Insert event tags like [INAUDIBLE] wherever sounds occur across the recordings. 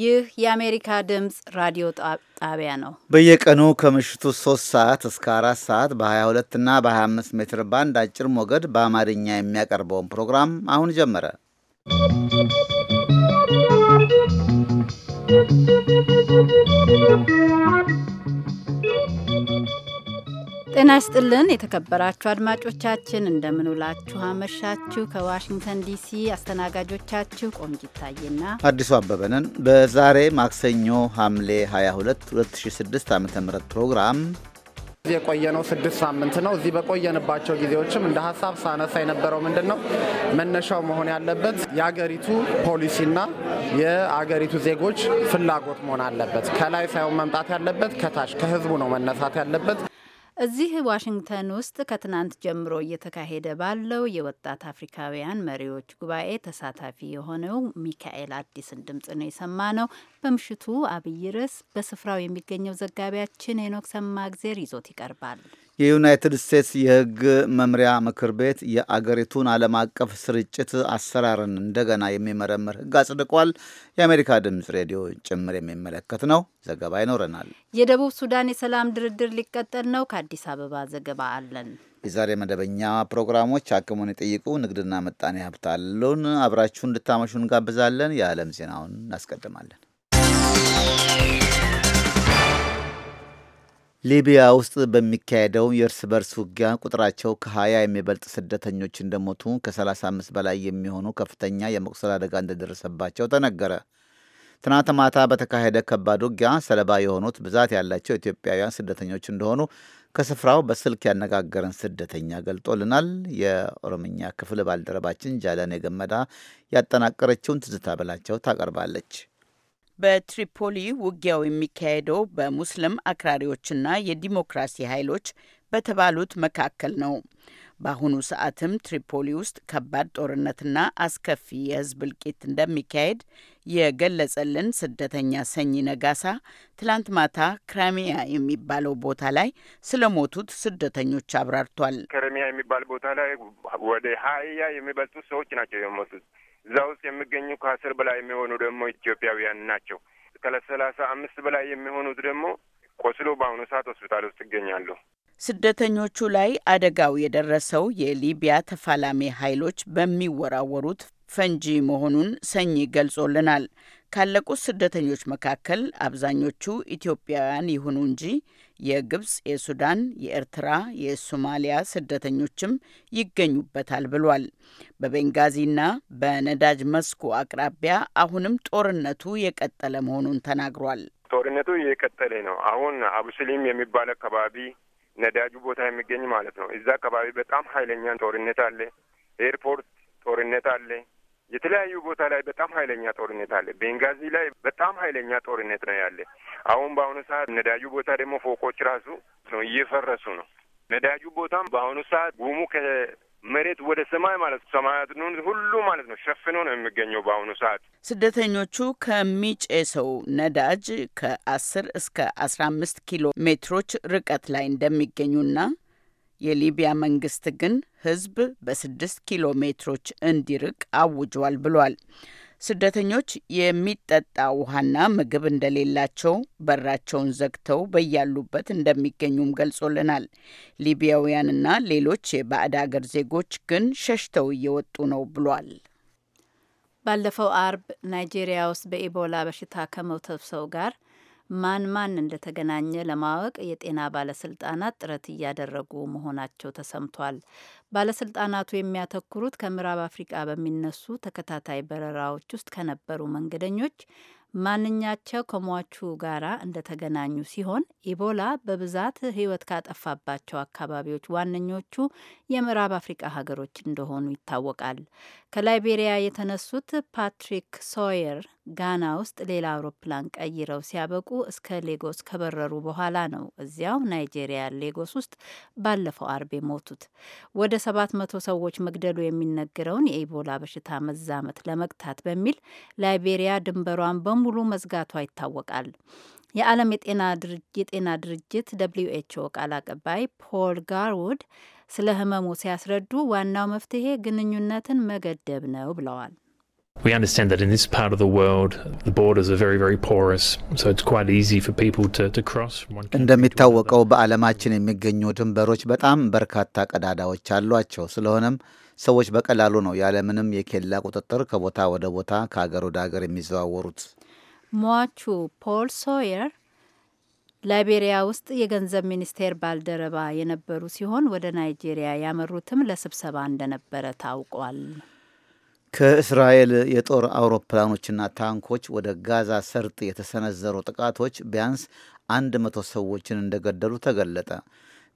ይህ የአሜሪካ ድምፅ ራዲዮ ጣቢያ ነው። በየቀኑ ከምሽቱ 3 ሰዓት እስከ 4 ሰዓት በ22 እና በ25 ሜትር ባንድ አጭር ሞገድ በአማርኛ የሚያቀርበውን ፕሮግራም አሁን ጀመረ። ¶¶ ጤና ይስጥልን የተከበራችሁ አድማጮቻችን፣ እንደምንውላችሁ አመሻችሁ። ከዋሽንግተን ዲሲ አስተናጋጆቻችሁ ቆንጅ ይታየና አዲሱ አበበንን በዛሬ ማክሰኞ ሐምሌ 22 2006 ዓ ም ፕሮግራም የቆየነው ስድስት ሳምንት ነው። እዚህ በቆየንባቸው ጊዜዎችም እንደ ሀሳብ ሳነሳ የነበረው ምንድን ነው መነሻው መሆን ያለበት የአገሪቱ ፖሊሲና የአገሪቱ ዜጎች ፍላጎት መሆን አለበት። ከላይ ሳይሆን መምጣት ያለበት ከታች ከህዝቡ ነው መነሳት ያለበት። እዚህ ዋሽንግተን ውስጥ ከትናንት ጀምሮ እየተካሄደ ባለው የወጣት አፍሪካውያን መሪዎች ጉባኤ ተሳታፊ የሆነው ሚካኤል አዲስን ድምጽ ነው የሰማ ነው። በምሽቱ አብይ ርዕስ በስፍራው የሚገኘው ዘጋቢያችን ሄኖክ ሰማእግዜር ይዞት ይቀርባል። የዩናይትድ ስቴትስ የሕግ መምሪያ ምክር ቤት የአገሪቱን ዓለም አቀፍ ስርጭት አሰራርን እንደገና የሚመረምር ሕግ አጽድቋል። የአሜሪካ ድምፅ ሬዲዮ ጭምር የሚመለከት ነው። ዘገባ ይኖረናል። የደቡብ ሱዳን የሰላም ድርድር ሊቀጠል ነው። ከአዲስ አበባ ዘገባ አለን። የዛሬ መደበኛ ፕሮግራሞች ሐኪሙን ይጠይቁ፣ ንግድና ምጣኔ ሀብት አሉን። አብራችሁ እንድታመሹ እንጋብዛለን። የዓለም ዜናውን እናስቀድማለን። ሊቢያ ውስጥ በሚካሄደው የእርስ በርስ ውጊያ ቁጥራቸው ከ20 የሚበልጥ ስደተኞች እንደሞቱ ከ35 በላይ የሚሆኑ ከፍተኛ የመቁሰል አደጋ እንደደረሰባቸው ተነገረ። ትናንት ማታ በተካሄደ ከባድ ውጊያ ሰለባ የሆኑት ብዛት ያላቸው ኢትዮጵያውያን ስደተኞች እንደሆኑ ከስፍራው በስልክ ያነጋገረን ስደተኛ ገልጦልናል። የኦሮምኛ ክፍል ባልደረባችን ጃለኔ ገመዳ ያጠናቀረችውን ትዝታ በላቸው ታቀርባለች። በትሪፖሊ ውጊያው የሚካሄደው በሙስሊም አክራሪዎችና የዲሞክራሲ ኃይሎች በተባሉት መካከል ነው። በአሁኑ ሰዓትም ትሪፖሊ ውስጥ ከባድ ጦርነትና አስከፊ የህዝብ እልቂት እንደሚካሄድ የገለጸልን ስደተኛ ሰኝ ነጋሳ ትላንት ማታ ክራሚያ የሚባለው ቦታ ላይ ስለሞቱት ስደተኞች አብራርቷል። ክራሚያ የሚባል ቦታ ላይ ወደ ሀያ የሚበልጡ ሰዎች ናቸው የሞቱት። እዛ ውስጥ የሚገኙ ከአስር በላይ የሚሆኑ ደግሞ ኢትዮጵያውያን ናቸው። ከሰላሳ አምስት በላይ የሚሆኑት ደግሞ ቆስሎ በአሁኑ ሰዓት ሆስፒታል ውስጥ ይገኛሉ። ስደተኞቹ ላይ አደጋው የደረሰው የሊቢያ ተፋላሚ ኃይሎች በሚወራወሩት ፈንጂ መሆኑን ሰኚ ገልጾልናል። ካለቁት ስደተኞች መካከል አብዛኞቹ ኢትዮጵያውያን ይሁኑ እንጂ የግብፅ፣ የሱዳን፣ የኤርትራ፣ የሶማሊያ ስደተኞችም ይገኙበታል ብሏል። በቤንጋዚና በነዳጅ መስኩ አቅራቢያ አሁንም ጦርነቱ የቀጠለ መሆኑን ተናግሯል። ጦርነቱ እየቀጠለ ነው። አሁን አቡስሊም የሚባል አካባቢ ነዳጁ ቦታ የሚገኝ ማለት ነው። እዛ አካባቢ በጣም ኃይለኛ ጦርነት አለ። ኤርፖርት ጦርነት አለ። የተለያዩ ቦታ ላይ በጣም ኃይለኛ ጦርነት አለ። ቤንጋዚ ላይ በጣም ኃይለኛ ጦርነት ነው ያለ። አሁን በአሁኑ ሰዓት ነዳጁ ቦታ ደግሞ ፎቆች ራሱ ነው እየፈረሱ ነው። ነዳጁ ቦታም በአሁኑ ሰዓት ጉሙ ከመሬት ወደ ሰማይ ማለት ነው ሰማያትን ሁሉ ማለት ነው ሸፍኖ ነው የሚገኘው በአሁኑ ሰዓት። ስደተኞቹ ከሚጨሰው ነዳጅ ከአስር እስከ አስራ አምስት ኪሎ ሜትሮች ርቀት ላይ እንደሚገኙና የሊቢያ መንግስት ግን ህዝብ በስድስት ኪሎ ሜትሮች እንዲርቅ አውጇል ብሏል። ስደተኞች የሚጠጣ ውሃና ምግብ እንደሌላቸው በራቸውን ዘግተው በያሉበት እንደሚገኙም ገልጾልናል። ሊቢያውያንና ሌሎች የባዕድ አገር ዜጎች ግን ሸሽተው እየወጡ ነው ብሏል። ባለፈው አርብ ናይጄሪያ ውስጥ በኢቦላ በሽታ ከሞተው ሰው ጋር ማን ማን እንደተገናኘ ለማወቅ የጤና ባለስልጣናት ጥረት እያደረጉ መሆናቸው ተሰምቷል። ባለስልጣናቱ የሚያተኩሩት ከምዕራብ አፍሪቃ በሚነሱ ተከታታይ በረራዎች ውስጥ ከነበሩ መንገደኞች ማንኛቸው ከሟቹ ጋራ እንደተገናኙ ሲሆን ኢቦላ በብዛት ሕይወት ካጠፋባቸው አካባቢዎች ዋነኞቹ የምዕራብ አፍሪቃ ሀገሮች እንደሆኑ ይታወቃል። ከላይቤሪያ የተነሱት ፓትሪክ ሶየር ጋና ውስጥ ሌላ አውሮፕላን ቀይረው ሲያበቁ እስከ ሌጎስ ከበረሩ በኋላ ነው እዚያው ናይጄሪያ ሌጎስ ውስጥ ባለፈው አርብ የሞቱት። ወደ ሰባት መቶ ሰዎች መግደሉ የሚነገረውን የኢቦላ በሽታ መዛመት ለመግታት በሚል ላይቤሪያ ድንበሯን በ በሙሉ መዝጋቷ ይታወቃል። የዓለም የጤና ድርጅት ደብሊዩ ኤችኦ ቃል አቀባይ ፖል ጋርውድ ስለ ህመሙ ሲያስረዱ ዋናው መፍትሄ ግንኙነትን መገደብ ነው ብለዋል። We understand that in this part of the world the borders are very, very porous, so it's quite easy for people to, to cross. እንደሚታወቀው በዓለማችን የሚገኙ ድንበሮች በጣም በርካታ ቀዳዳዎች አሏቸው። ስለሆነም ሰዎች በቀላሉ ነው ያለምንም የኬላ ቁጥጥር ከቦታ ወደ ቦታ ከሀገር ወደ ሀገር የሚዘዋወሩት። ሟቹ ፖል ሶየር ላይቤሪያ ውስጥ የገንዘብ ሚኒስቴር ባልደረባ የነበሩ ሲሆን ወደ ናይጄሪያ ያመሩትም ለስብሰባ እንደነበረ ታውቋል። ከእስራኤል የጦር አውሮፕላኖችና ታንኮች ወደ ጋዛ ሰርጥ የተሰነዘሩ ጥቃቶች ቢያንስ አንድ መቶ ሰዎችን እንደገደሉ ተገለጠ።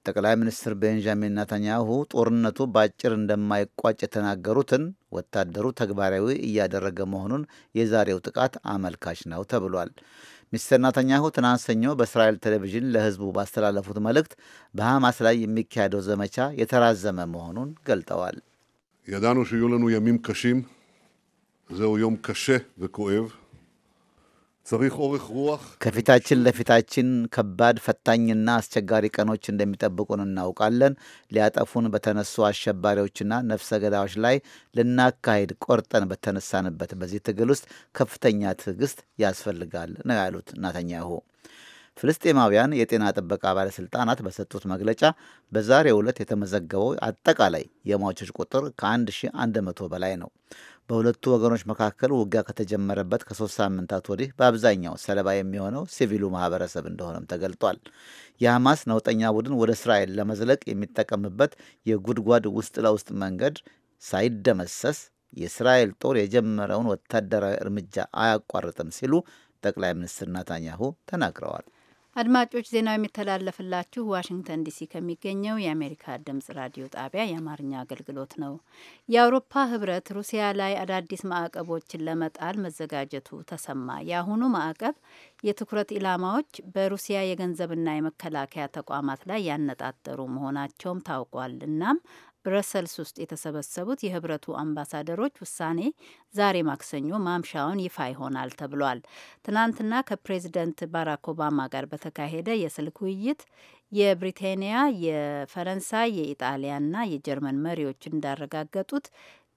ጠቅላይ ሚኒስትር ቤንጃሚን ናታንያሁ ጦርነቱ በአጭር እንደማይቋጭ የተናገሩትን ወታደሩ ተግባራዊ እያደረገ መሆኑን የዛሬው ጥቃት አመልካች ነው ተብሏል። ሚስተር ናታንያሁ ትናንት ሰኞ በእስራኤል ቴሌቪዥን ለሕዝቡ ባስተላለፉት መልእክት በሐማስ ላይ የሚካሄደው ዘመቻ የተራዘመ መሆኑን ገልጠዋል። የዳኑ ሽዩለኑ የሚም ከሺም ዘው ዮም ከሼ וכואብ ከፊታችን ለፊታችን ከባድ ፈታኝና አስቸጋሪ ቀኖች እንደሚጠብቁን እናውቃለን። ሊያጠፉን በተነሱ አሸባሪዎችና ነፍሰ ገዳዮች ላይ ልናካሄድ ቆርጠን በተነሳንበት በዚህ ትግል ውስጥ ከፍተኛ ትዕግስት ያስፈልጋል ነው ያሉት ናተኛሁ። ፍልስጤማውያን የጤና ጥበቃ ባለሥልጣናት በሰጡት መግለጫ በዛሬው ዕለት የተመዘገበው አጠቃላይ የሟቾች ቁጥር ከ1100 በላይ ነው። በሁለቱ ወገኖች መካከል ውጊያ ከተጀመረበት ከሶስት ሳምንታት ወዲህ በአብዛኛው ሰለባ የሚሆነው ሲቪሉ ማህበረሰብ እንደሆነም ተገልጧል። የሐማስ ነውጠኛ ቡድን ወደ እስራኤል ለመዝለቅ የሚጠቀምበት የጉድጓድ ውስጥ ለውስጥ መንገድ ሳይደመሰስ የእስራኤል ጦር የጀመረውን ወታደራዊ እርምጃ አያቋርጥም ሲሉ ጠቅላይ ሚኒስትር ናታንያሁ ተናግረዋል። አድማጮች ዜናው የሚተላለፍላችሁ ዋሽንግተን ዲሲ ከሚገኘው የአሜሪካ ድምጽ ራዲዮ ጣቢያ የአማርኛ አገልግሎት ነው። የአውሮፓ ህብረት ሩሲያ ላይ አዳዲስ ማዕቀቦችን ለመጣል መዘጋጀቱ ተሰማ። የአሁኑ ማዕቀብ የትኩረት ኢላማዎች በሩሲያ የገንዘብና የመከላከያ ተቋማት ላይ ያነጣጠሩ መሆናቸውም ታውቋል። እናም ብረሰልስ ውስጥ የተሰበሰቡት የህብረቱ አምባሳደሮች ውሳኔ ዛሬ ማክሰኞ ማምሻውን ይፋ ይሆናል ተብሏል። ትናንትና ከፕሬዚደንት ባራክ ኦባማ ጋር በተካሄደ የስልክ ውይይት የብሪቴንያ፣ የፈረንሳይ፣ የኢጣሊያና የጀርመን መሪዎች እንዳረጋገጡት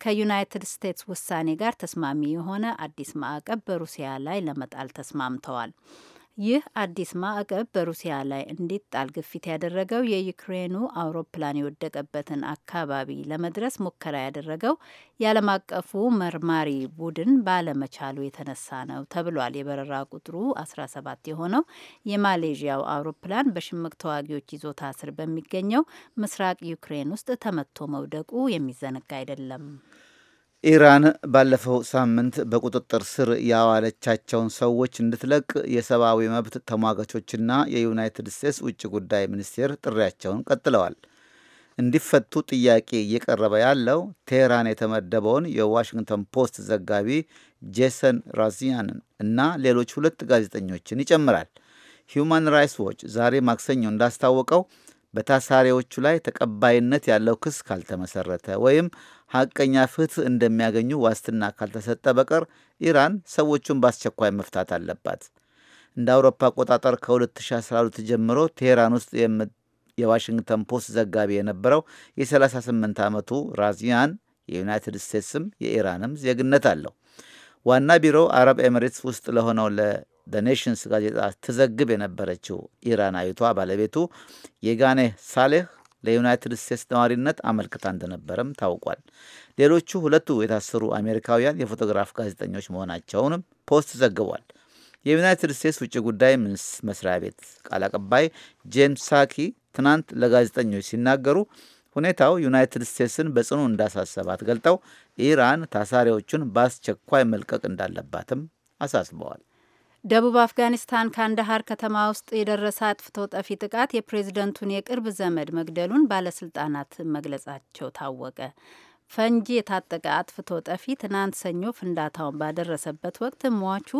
ከዩናይትድ ስቴትስ ውሳኔ ጋር ተስማሚ የሆነ አዲስ ማዕቀብ በሩሲያ ላይ ለመጣል ተስማምተዋል። ይህ አዲስ ማዕቀብ በሩሲያ ላይ እንዲጣል ግፊት ያደረገው የዩክሬኑ አውሮፕላን የወደቀበትን አካባቢ ለመድረስ ሙከራ ያደረገው የዓለም አቀፉ መርማሪ ቡድን ባለመቻሉ የተነሳ ነው ተብሏል። የበረራ ቁጥሩ 17 የሆነው የማሌዥያው አውሮፕላን በሽምቅ ተዋጊዎች ይዞታ ስር በሚገኘው ምስራቅ ዩክሬን ውስጥ ተመቶ መውደቁ የሚዘነጋ አይደለም። ኢራን ባለፈው ሳምንት በቁጥጥር ስር ያዋለቻቸውን ሰዎች እንድትለቅ የሰብአዊ መብት ተሟጋቾችና የዩናይትድ ስቴትስ ውጭ ጉዳይ ሚኒስቴር ጥሪያቸውን ቀጥለዋል። እንዲፈቱ ጥያቄ እየቀረበ ያለው ቴህራን የተመደበውን የዋሽንግተን ፖስት ዘጋቢ ጄሰን ራዚያንን እና ሌሎች ሁለት ጋዜጠኞችን ይጨምራል። ሂውማን ራይትስ ዎች ዛሬ ማክሰኞ እንዳስታወቀው በታሳሪዎቹ ላይ ተቀባይነት ያለው ክስ ካልተመሰረተ ወይም ሐቀኛ ፍትህ እንደሚያገኙ ዋስትና ካልተሰጠ በቀር ኢራን ሰዎቹን በአስቸኳይ መፍታት አለባት። እንደ አውሮፓ አቆጣጠር ከ2012 ጀምሮ ቴሄራን ውስጥ የዋሽንግተን ፖስት ዘጋቢ የነበረው የ38 ዓመቱ ራዚያን የዩናይትድ ስቴትስም የኢራንም ዜግነት አለው። ዋና ቢሮው አረብ ኤምሬትስ ውስጥ ለሆነው ኔሽንስ ጋዜጣ ትዘግብ የነበረችው ኢራናዊቷ ባለቤቱ የጋኔ ሳሌህ ለዩናይትድ ስቴትስ ነዋሪነት አመልክታ እንደነበረም ታውቋል። ሌሎቹ ሁለቱ የታሰሩ አሜሪካውያን የፎቶግራፍ ጋዜጠኞች መሆናቸውንም ፖስት ዘግቧል። የዩናይትድ ስቴትስ ውጭ ጉዳይ መስሪያ ቤት ቃል አቀባይ ጄምስ ሳኪ ትናንት ለጋዜጠኞች ሲናገሩ ሁኔታው ዩናይትድ ስቴትስን በጽኑ እንዳሳሰባት ገልጠው ኢራን ታሳሪዎቹን በአስቸኳይ መልቀቅ እንዳለባትም አሳስበዋል። ደቡብ አፍጋኒስታን ካንዳሃር ከተማ ውስጥ የደረሰ አጥፍቶ ጠፊ ጥቃት የፕሬዝደንቱን የቅርብ ዘመድ መግደሉን ባለስልጣናት መግለጻቸው ታወቀ። ፈንጂ የታጠቀ አጥፍቶ ጠፊ ትናንት ሰኞ ፍንዳታውን ባደረሰበት ወቅት ሟቹ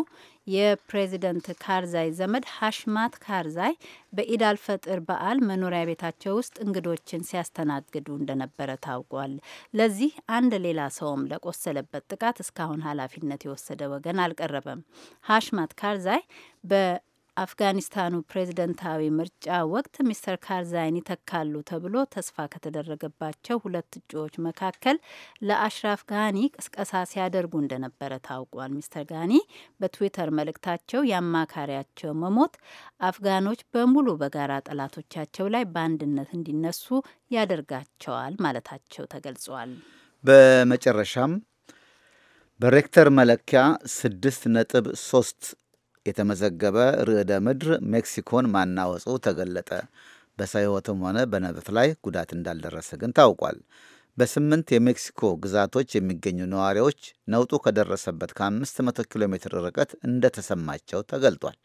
የፕሬዚደንት ካርዛይ ዘመድ ሀሽማት ካርዛይ በኢዳል ፈጥር በዓል መኖሪያ ቤታቸው ውስጥ እንግዶችን ሲያስተናግዱ እንደነበረ ታውቋል። ለዚህ አንድ ሌላ ሰውም ለቆሰለበት ጥቃት እስካሁን ኃላፊነት የወሰደ ወገን አልቀረበም። ሀሽማት ካርዛይ በ አፍጋኒስታኑ ፕሬዝደንታዊ ምርጫ ወቅት ሚስተር ካርዛይን ይተካሉ ተብሎ ተስፋ ከተደረገባቸው ሁለት እጩዎች መካከል ለአሽራፍ ጋኒ ቅስቀሳ ሲያደርጉ እንደነበረ ታውቋል። ሚስተር ጋኒ በትዊተር መልእክታቸው የአማካሪያቸው መሞት አፍጋኖች በሙሉ በጋራ ጠላቶቻቸው ላይ በአንድነት እንዲነሱ ያደርጋቸዋል ማለታቸው ተገልጿል። በመጨረሻም በሬክተር መለኪያ ስድስት ነጥብ ሶስት የተመዘገበ ርዕደ ምድር ሜክሲኮን ማናወጹ ተገለጠ። በሰው ሕይወትም ሆነ በንብረት ላይ ጉዳት እንዳልደረሰ ግን ታውቋል። በስምንት የሜክሲኮ ግዛቶች የሚገኙ ነዋሪዎች ነውጡ ከደረሰበት ከ500 ኪሎ ሜትር ርቀት እንደተሰማቸው ተገልጧል።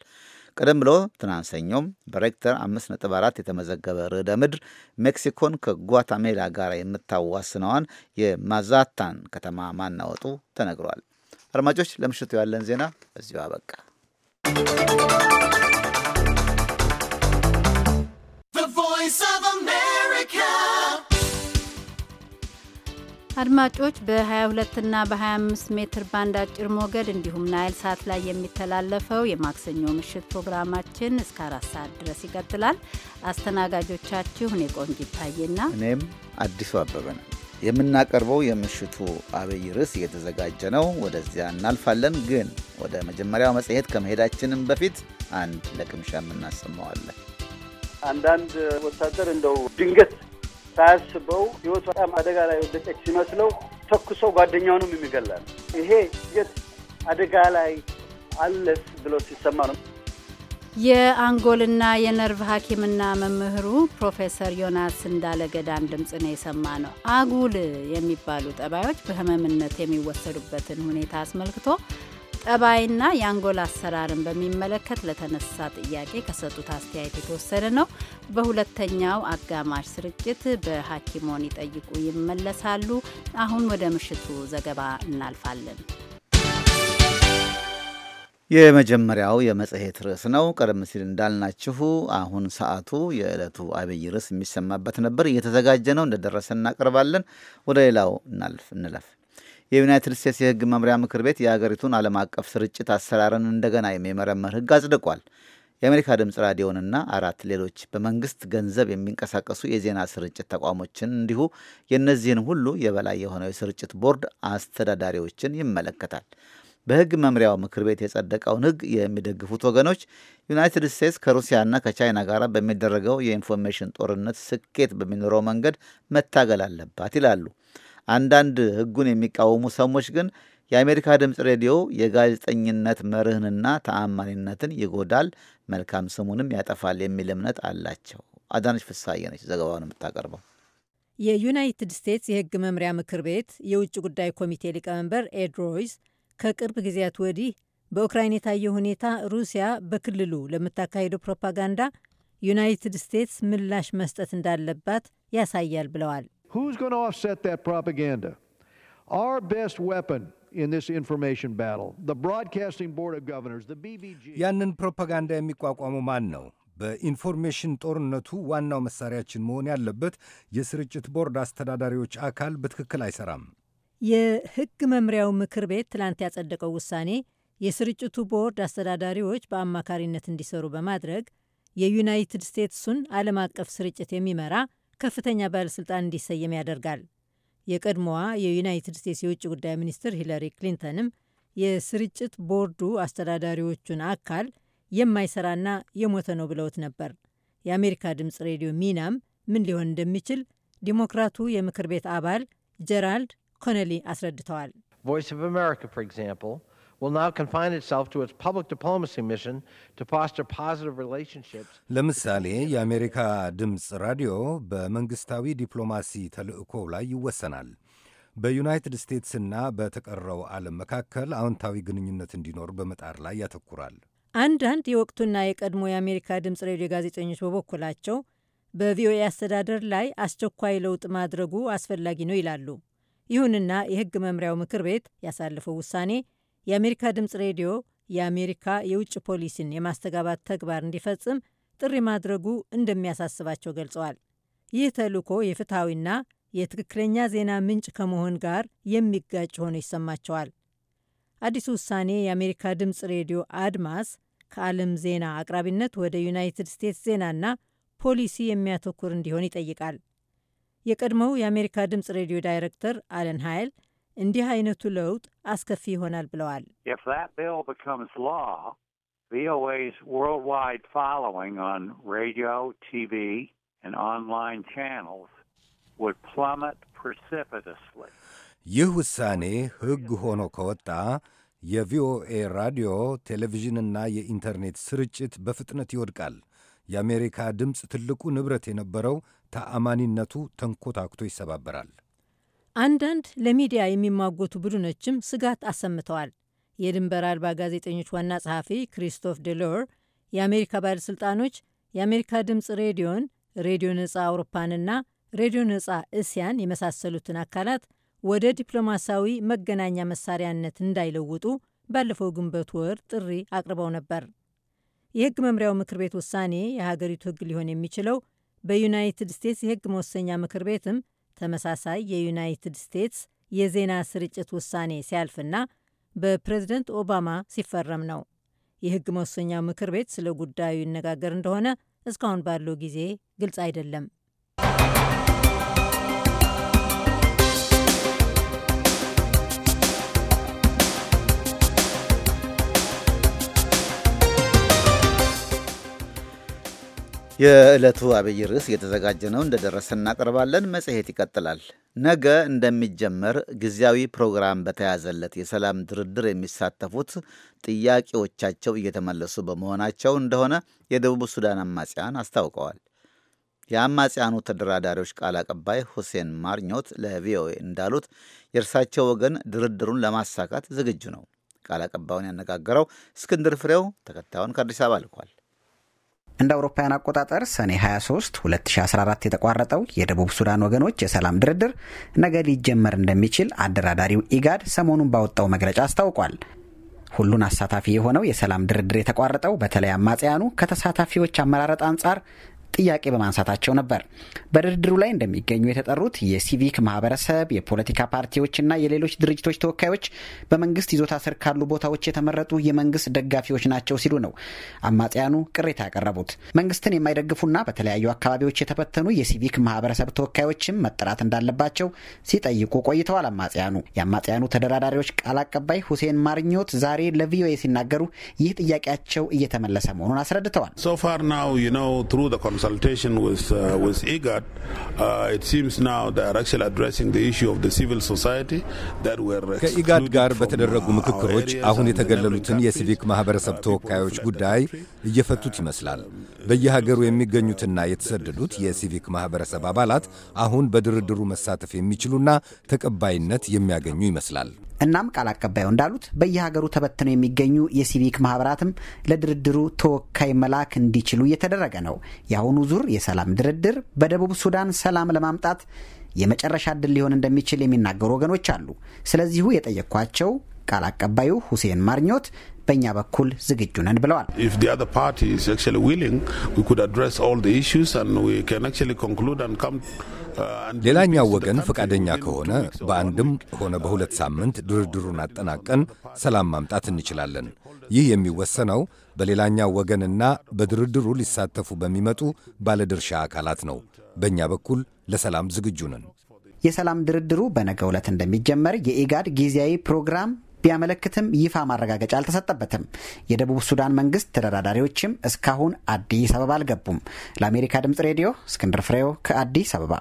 ቀደም ብሎ ትናንት ሰኞም በሬክተር 5.4 የተመዘገበ ርዕደ ምድር ሜክሲኮን ከጓታሜላ ጋር የምታዋስነዋን የማዛታን ከተማ ማናወጡ ተነግሯል። አድማጮች ለምሽቱ ያለን ዜና እዚሁ አበቃ። አድማጮች በ22 እና በ25 ሜትር ባንድ አጭር ሞገድ እንዲሁም ናይል ሳት ላይ የሚተላለፈው የማክሰኞ ምሽት ፕሮግራማችን እስከ አራት ሰዓት ድረስ ይቀጥላል። አስተናጋጆቻችሁ እኔ ቆንጅ ይታየና እኔም አዲሱ አበበ ነው። የምናቀርበው የምሽቱ አብይ ርዕስ እየተዘጋጀ ነው። ወደዚያ እናልፋለን። ግን ወደ መጀመሪያው መጽሔት ከመሄዳችንም በፊት አንድ ለቅምሻ የምናሰማዋለን። አንዳንድ ወታደር እንደው ድንገት ሳያስበው ሕይወቱ በጣም አደጋ ላይ ወደቀች ሲመስለው ተኩሰው ጓደኛውንም የሚገላል። ይሄ ድንገት አደጋ ላይ አለስ ብሎ ሲሰማ ነው። የአንጎልና የነርቭ ሐኪምና መምህሩ ፕሮፌሰር ዮናስ እንዳለገዳን ድምፅ ነው የሰማ ነው። አጉል የሚባሉ ጠባዮች በህመምነት የሚወሰዱበትን ሁኔታ አስመልክቶ ጠባይና የአንጎል አሰራርን በሚመለከት ለተነሳ ጥያቄ ከሰጡት አስተያየት የተወሰደ ነው። በሁለተኛው አጋማሽ ስርጭት በሐኪሞን ይጠይቁ ይመለሳሉ። አሁን ወደ ምሽቱ ዘገባ እናልፋለን። የመጀመሪያው የመጽሔት ርዕስ ነው። ቀደም ሲል እንዳልናችሁ አሁን ሰዓቱ የዕለቱ አብይ ርዕስ የሚሰማበት ነበር። እየተዘጋጀ ነው፣ እንደደረሰ እናቀርባለን። ወደ ሌላው እናልፍ እንለፍ። የዩናይትድ ስቴትስ የሕግ መምሪያ ምክር ቤት የአገሪቱን ዓለም አቀፍ ስርጭት አሰራርን እንደገና የሚመረመር ሕግ አጽድቋል። የአሜሪካ ድምፅ ራዲዮንና አራት ሌሎች በመንግስት ገንዘብ የሚንቀሳቀሱ የዜና ስርጭት ተቋሞችን እንዲሁ የእነዚህን ሁሉ የበላይ የሆነው የስርጭት ቦርድ አስተዳዳሪዎችን ይመለከታል። በሕግ መምሪያው ምክር ቤት የጸደቀውን ሕግ የሚደግፉት ወገኖች ዩናይትድ ስቴትስ ከሩሲያና ከቻይና ጋር በሚደረገው የኢንፎርሜሽን ጦርነት ስኬት በሚኖረው መንገድ መታገል አለባት ይላሉ። አንዳንድ ሕጉን የሚቃወሙ ሰዎች ግን የአሜሪካ ድምፅ ሬዲዮ የጋዜጠኝነት መርህንና ተአማኒነትን ይጎዳል፣ መልካም ስሙንም ያጠፋል የሚል እምነት አላቸው። አዳነች ፍሳዬ ነች ዘገባውን የምታቀርበው። የዩናይትድ ስቴትስ የሕግ መምሪያ ምክር ቤት የውጭ ጉዳይ ኮሚቴ ሊቀመንበር ኤድ ሮይስ ከቅርብ ጊዜያት ወዲህ በኡክራይን የታየው ሁኔታ ሩሲያ በክልሉ ለምታካሄደው ፕሮፓጋንዳ ዩናይትድ ስቴትስ ምላሽ መስጠት እንዳለባት ያሳያል ብለዋል። ያንን ፕሮፓጋንዳ የሚቋቋሙ ማን ነው? በኢንፎርሜሽን ጦርነቱ ዋናው መሳሪያችን መሆን ያለበት የስርጭት ቦርድ አስተዳዳሪዎች አካል በትክክል አይሰራም። የህግ መምሪያው ምክር ቤት ትላንት ያጸደቀው ውሳኔ የስርጭቱ ቦርድ አስተዳዳሪዎች በአማካሪነት እንዲሰሩ በማድረግ የዩናይትድ ስቴትሱን ዓለም አቀፍ ስርጭት የሚመራ ከፍተኛ ባለሥልጣን እንዲሰየም ያደርጋል። የቀድሞዋ የዩናይትድ ስቴትስ የውጭ ጉዳይ ሚኒስትር ሂለሪ ክሊንተንም የስርጭት ቦርዱ አስተዳዳሪዎቹን አካል የማይሰራና የሞተ ነው ብለውት ነበር። የአሜሪካ ድምፅ ሬዲዮ ሚናም ምን ሊሆን እንደሚችል ዲሞክራቱ የምክር ቤት አባል ጀራልድ ኮነሊ አስረድተዋል። ቮይስ ኦፍ አሜሪካ ፎር ኤግዛምፕል ለምሳሌ የአሜሪካ ድምፅ ራዲዮ በመንግሥታዊ ዲፕሎማሲ ተልዕኮው ላይ ይወሰናል። በዩናይትድ ስቴትስና በተቀረው ዓለም መካከል አዎንታዊ ግንኙነት እንዲኖር በመጣር ላይ ያተኩራል። አንዳንድ የወቅቱና የቀድሞ የአሜሪካ ድምፅ ሬዲዮ ጋዜጠኞች በበኩላቸው በቪኦኤ አስተዳደር ላይ አስቸኳይ ለውጥ ማድረጉ አስፈላጊ ነው ይላሉ። ይሁንና የሕግ መምሪያው ምክር ቤት ያሳለፈው ውሳኔ የአሜሪካ ድምፅ ሬዲዮ የአሜሪካ የውጭ ፖሊሲን የማስተጋባት ተግባር እንዲፈጽም ጥሪ ማድረጉ እንደሚያሳስባቸው ገልጸዋል። ይህ ተልእኮ የፍትሐዊና የትክክለኛ ዜና ምንጭ ከመሆን ጋር የሚጋጭ ሆኖ ይሰማቸዋል። አዲሱ ውሳኔ የአሜሪካ ድምፅ ሬዲዮ አድማስ ከዓለም ዜና አቅራቢነት ወደ ዩናይትድ ስቴትስ ዜናና ፖሊሲ የሚያተኩር እንዲሆን ይጠይቃል። የቀድሞው የአሜሪካ ድምፅ ሬዲዮ ዳይሬክተር አለን ሀይል እንዲህ አይነቱ ለውጥ አስከፊ ይሆናል ብለዋል። ይህ ውሳኔ ሕግ ሆኖ ከወጣ የቪኦኤ ራዲዮ፣ ቴሌቪዥንና የኢንተርኔት ስርጭት በፍጥነት ይወድቃል። የአሜሪካ ድምፅ ትልቁ ንብረት የነበረው ተአማኒነቱ ተንኮታኩቶ ይሰባበራል። አንዳንድ ለሚዲያ የሚሟጎቱ ቡድኖችም ስጋት አሰምተዋል። የድንበር አልባ ጋዜጠኞች ዋና ጸሐፊ ክሪስቶፍ ዴሎር የአሜሪካ ባለሥልጣኖች የአሜሪካ ድምፅ ሬዲዮን፣ ሬዲዮ ነፃ አውሮፓንና ሬዲዮ ነፃ እስያን የመሳሰሉትን አካላት ወደ ዲፕሎማሲያዊ መገናኛ መሳሪያነት እንዳይለውጡ ባለፈው ግንቦት ወር ጥሪ አቅርበው ነበር። የሕግ መምሪያው ምክር ቤት ውሳኔ የሀገሪቱ ሕግ ሊሆን የሚችለው በዩናይትድ ስቴትስ የህግ መወሰኛ ምክር ቤትም ተመሳሳይ የዩናይትድ ስቴትስ የዜና ስርጭት ውሳኔ ሲያልፍና በፕሬዝደንት ኦባማ ሲፈረም ነው። የህግ መወሰኛው ምክር ቤት ስለ ጉዳዩ ይነጋገር እንደሆነ እስካሁን ባለው ጊዜ ግልጽ አይደለም። የዕለቱ አብይ ርዕስ እየተዘጋጀ ነው፣ እንደደረሰ እናቀርባለን። መጽሔት ይቀጥላል። ነገ እንደሚጀመር ጊዜያዊ ፕሮግራም በተያዘለት የሰላም ድርድር የሚሳተፉት ጥያቄዎቻቸው እየተመለሱ በመሆናቸው እንደሆነ የደቡብ ሱዳን አማጽያን አስታውቀዋል። የአማጽያኑ ተደራዳሪዎች ቃል አቀባይ ሁሴን ማርኞት ለቪኦኤ እንዳሉት የእርሳቸው ወገን ድርድሩን ለማሳካት ዝግጁ ነው። ቃል አቀባዩን ያነጋገረው እስክንድር ፍሬው ተከታዩን ከአዲስ አበባ ልኳል። እንደ አውሮፓውያን አቆጣጠር ሰኔ 23 2014 የተቋረጠው የደቡብ ሱዳን ወገኖች የሰላም ድርድር ነገ ሊጀመር እንደሚችል አደራዳሪው ኢጋድ ሰሞኑን ባወጣው መግለጫ አስታውቋል። ሁሉን አሳታፊ የሆነው የሰላም ድርድር የተቋረጠው በተለይ አማጽያኑ ከተሳታፊዎች አመራረጥ አንጻር ጥያቄ በማንሳታቸው ነበር። በድርድሩ ላይ እንደሚገኙ የተጠሩት የሲቪክ ማህበረሰብ፣ የፖለቲካ ፓርቲዎችና የሌሎች ድርጅቶች ተወካዮች በመንግስት ይዞታ ስር ካሉ ቦታዎች የተመረጡ የመንግስት ደጋፊዎች ናቸው ሲሉ ነው አማጽያኑ ቅሬታ ያቀረቡት። መንግስትን የማይደግፉና በተለያዩ አካባቢዎች የተበተኑ የሲቪክ ማህበረሰብ ተወካዮችም መጠራት እንዳለባቸው ሲጠይቁ ቆይተዋል። አማጽያኑ የአማጽያኑ ተደራዳሪዎች ቃል አቀባይ ሁሴን ማርኞት ዛሬ ለቪኦኤ ሲናገሩ ይህ ጥያቄያቸው እየተመለሰ መሆኑን አስረድተዋል። consultation with, uh, with IGAD, e uh, it seems now they are actually addressing the issue of the civil society that were ከኢጋድ ጋር በተደረጉ ምክክሮች አሁን የተገለሉትን የሲቪክ ማህበረሰብ uh, ተወካዮች ጉዳይ እየፈቱት ይመስላል። um, በየሀገሩ የሚገኙትና የተሰደዱት የሲቪክ ማህበረሰብ አባላት አሁን በድርድሩ መሳተፍ የሚችሉና ተቀባይነት የሚያገኙ ይመስላል። እናም ቃል አቀባዩ እንዳሉት በየሀገሩ ተበትነው የሚገኙ የሲቪክ ማህበራትም ለድርድሩ ተወካይ መላክ እንዲችሉ እየተደረገ ነው። የአሁኑ ዙር የሰላም ድርድር በደቡብ ሱዳን ሰላም ለማምጣት የመጨረሻ እድል ሊሆን እንደሚችል የሚናገሩ ወገኖች አሉ። ስለዚሁ የጠየቅኳቸው ቃል አቀባዩ ሁሴን ማርኞት በእኛ በኩል ዝግጁ ነን ብለዋል። uh, ሌላኛው ወገን ፈቃደኛ ከሆነ በአንድም ሆነ በሁለት ሳምንት ድርድሩን አጠናቀን ሰላም ማምጣት እንችላለን። ይህ የሚወሰነው በሌላኛው ወገንና በድርድሩ ሊሳተፉ በሚመጡ ባለድርሻ አካላት ነው። በእኛ በኩል ለሰላም ዝግጁ ነን። የሰላም ድርድሩ በነገ ዕለት እንደሚጀመር የኢጋድ ጊዜያዊ ፕሮግራም ቢያመለክትም ይፋ ማረጋገጫ አልተሰጠበትም። የደቡብ ሱዳን መንግስት ተደራዳሪዎችም እስካሁን አዲስ አበባ አልገቡም። ለአሜሪካ ድምጽ ሬዲዮ እስክንድር ፍሬው ከአዲስ አበባ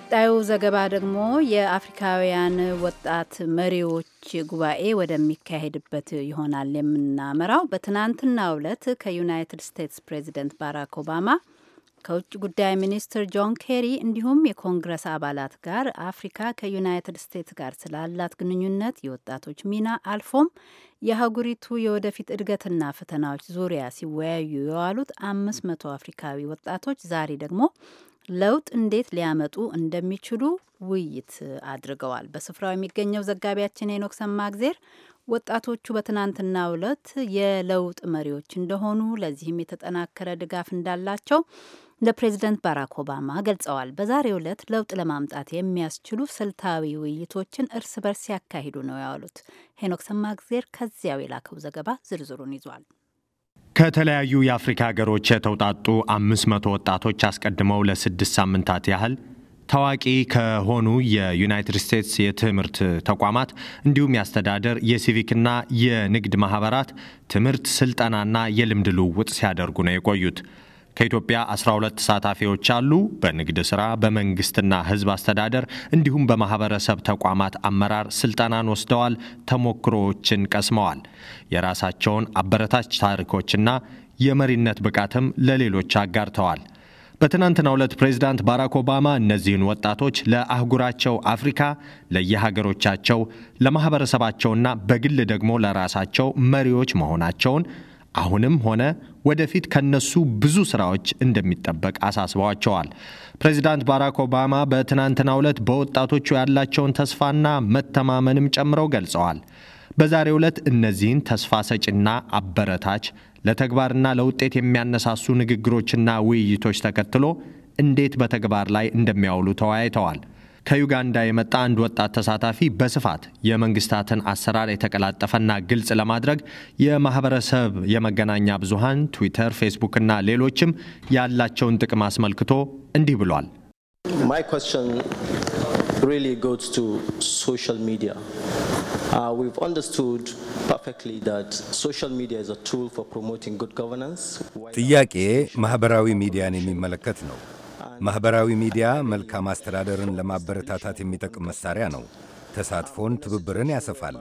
ቀጣዩ ዘገባ ደግሞ የአፍሪካውያን ወጣት መሪዎች ጉባኤ ወደሚካሄድበት ይሆናል የምናመራው። በትናንትናው ዕለት ከዩናይትድ ስቴትስ ፕሬዚደንት ባራክ ኦባማ ከውጭ ጉዳይ ሚኒስትር ጆን ኬሪ እንዲሁም የኮንግረስ አባላት ጋር አፍሪካ ከዩናይትድ ስቴትስ ጋር ስላላት ግንኙነት፣ የወጣቶች ሚና አልፎም የሀገሪቱ የወደፊት እድገትና ፈተናዎች ዙሪያ ሲወያዩ የዋሉት አምስት መቶ አፍሪካዊ ወጣቶች ዛሬ ደግሞ ለውጥ እንዴት ሊያመጡ እንደሚችሉ ውይይት አድርገዋል። በስፍራው የሚገኘው ዘጋቢያችን ሄኖክ ሰማእግዜር ወጣቶቹ በትናንትናው ዕለት የለውጥ መሪዎች እንደሆኑ ለዚህም የተጠናከረ ድጋፍ እንዳላቸው ለፕሬዝደንት ባራክ ኦባማ ገልጸዋል። በዛሬው ዕለት ለውጥ ለማምጣት የሚያስችሉ ስልታዊ ውይይቶችን እርስ በርስ ሲያካሂዱ ነው ያሉት። ሄኖክ ሰማእግዜር ከዚያው የላከው ዘገባ ዝርዝሩን ይዟል። ከተለያዩ የአፍሪካ ሀገሮች የተውጣጡ አምስት መቶ ወጣቶች አስቀድመው ለስድስት ሳምንታት ያህል ታዋቂ ከሆኑ የዩናይትድ ስቴትስ የትምህርት ተቋማት እንዲሁም የአስተዳደር የሲቪክና የንግድ ማህበራት ትምህርት ስልጠናና የልምድ ልውውጥ ሲያደርጉ ነው የቆዩት። ከኢትዮጵያ 12 ተሳታፊዎች አሉ። በንግድ ስራ፣ በመንግስትና ህዝብ አስተዳደር እንዲሁም በማህበረሰብ ተቋማት አመራር ስልጠናን ወስደዋል፣ ተሞክሮዎችን ቀስመዋል። የራሳቸውን አበረታች ታሪኮችና የመሪነት ብቃትም ለሌሎች አጋርተዋል። በትናንትናው ዕለት ፕሬዚዳንት ባራክ ኦባማ እነዚህን ወጣቶች ለአህጉራቸው አፍሪካ፣ ለየሀገሮቻቸው፣ ለማህበረሰባቸውና በግል ደግሞ ለራሳቸው መሪዎች መሆናቸውን አሁንም ሆነ ወደፊት ከነሱ ብዙ ስራዎች እንደሚጠበቅ አሳስበዋቸዋል። ፕሬዚዳንት ባራክ ኦባማ በትናንትናው ዕለት በወጣቶቹ ያላቸውን ተስፋና መተማመንም ጨምረው ገልጸዋል። በዛሬው ዕለት እነዚህን ተስፋ ሰጪና አበረታች ለተግባርና ለውጤት የሚያነሳሱ ንግግሮችና ውይይቶች ተከትሎ እንዴት በተግባር ላይ እንደሚያውሉ ተወያይተዋል። ከዩጋንዳ የመጣ አንድ ወጣት ተሳታፊ በስፋት የመንግስታትን አሰራር የተቀላጠፈና ግልጽ ለማድረግ የማህበረሰብ የመገናኛ ብዙሃን ትዊተር፣ ፌስቡክና ሌሎችም ያላቸውን ጥቅም አስመልክቶ እንዲህ ብሏል። uh, ጥያቄ ማህበራዊ ሚዲያን የሚመለከት ነው። ማኅበራዊ ሚዲያ መልካም አስተዳደርን ለማበረታታት የሚጠቅም መሳሪያ ነው። ተሳትፎን፣ ትብብርን ያሰፋል።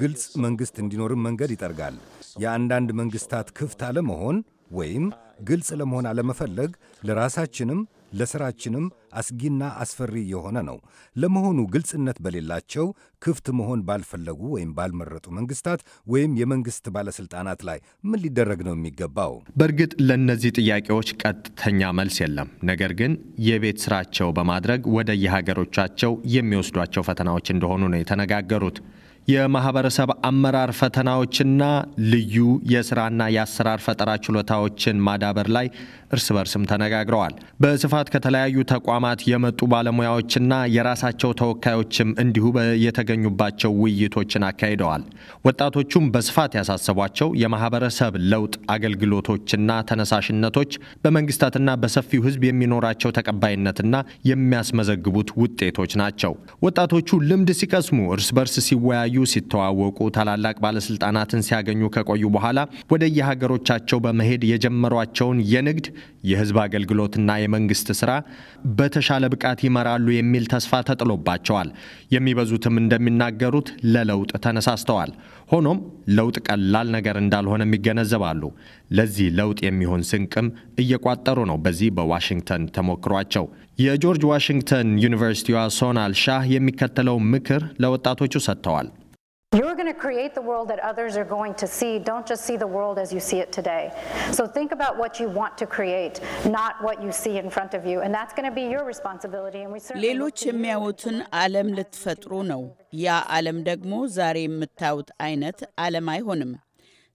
ግልጽ መንግሥት እንዲኖርም መንገድ ይጠርጋል። የአንዳንድ መንግሥታት ክፍት አለመሆን ወይም ግልጽ ለመሆን አለመፈለግ ለራሳችንም ለሥራችንም አስጊና አስፈሪ የሆነ ነው። ለመሆኑ ግልጽነት በሌላቸው ክፍት መሆን ባልፈለጉ ወይም ባልመረጡ መንግስታት ወይም የመንግስት ባለሥልጣናት ላይ ምን ሊደረግ ነው የሚገባው? በእርግጥ ለእነዚህ ጥያቄዎች ቀጥተኛ መልስ የለም። ነገር ግን የቤት ስራቸው በማድረግ ወደ የሀገሮቻቸው የሚወስዷቸው ፈተናዎች እንደሆኑ ነው የተነጋገሩት። የማህበረሰብ አመራር ፈተናዎችና ልዩ የስራና የአሰራር ፈጠራ ችሎታዎችን ማዳበር ላይ እርስ በርስም ተነጋግረዋል። በስፋት ከተለያዩ ተቋማት የመጡ ባለሙያዎችና የራሳቸው ተወካዮችም እንዲሁ የተገኙባቸው ውይይቶችን አካሂደዋል። ወጣቶቹም በስፋት ያሳሰቧቸው የማህበረሰብ ለውጥ አገልግሎቶችና ተነሳሽነቶች በመንግስታትና በሰፊው ህዝብ የሚኖራቸው ተቀባይነትና የሚያስመዘግቡት ውጤቶች ናቸው። ወጣቶቹ ልምድ ሲቀስሙ እርስ በርስ ሲወያዩ ሲወያዩ፣ ሲተዋወቁ፣ ታላላቅ ባለስልጣናትን ሲያገኙ ከቆዩ በኋላ ወደ የሀገሮቻቸው በመሄድ የጀመሯቸውን የንግድ የህዝብ አገልግሎትና የመንግስት ስራ በተሻለ ብቃት ይመራሉ የሚል ተስፋ ተጥሎባቸዋል። የሚበዙትም እንደሚናገሩት ለለውጥ ተነሳስተዋል። ሆኖም ለውጥ ቀላል ነገር እንዳልሆነም ይገነዘባሉ። ለዚህ ለውጥ የሚሆን ስንቅም እየቋጠሩ ነው። በዚህ በዋሽንግተን ተሞክሯቸው የጆርጅ ዋሽንግተን ዩኒቨርሲቲዋ ሶናል ሻህ የሚከተለው ምክር ለወጣቶቹ ሰጥተዋል። You're going to create the world that others are going to see. Don't just see the world as you see it today. So think about what you want to create, not what you see in front of you. And that's going to be your responsibility. And we certainly ሌሎች የሚያዩትን ዓለም ልትፈጥሩ ነው። ያ ዓለም ደግሞ ዛሬ የምታዩት አይነት ዓለም አይሆንም።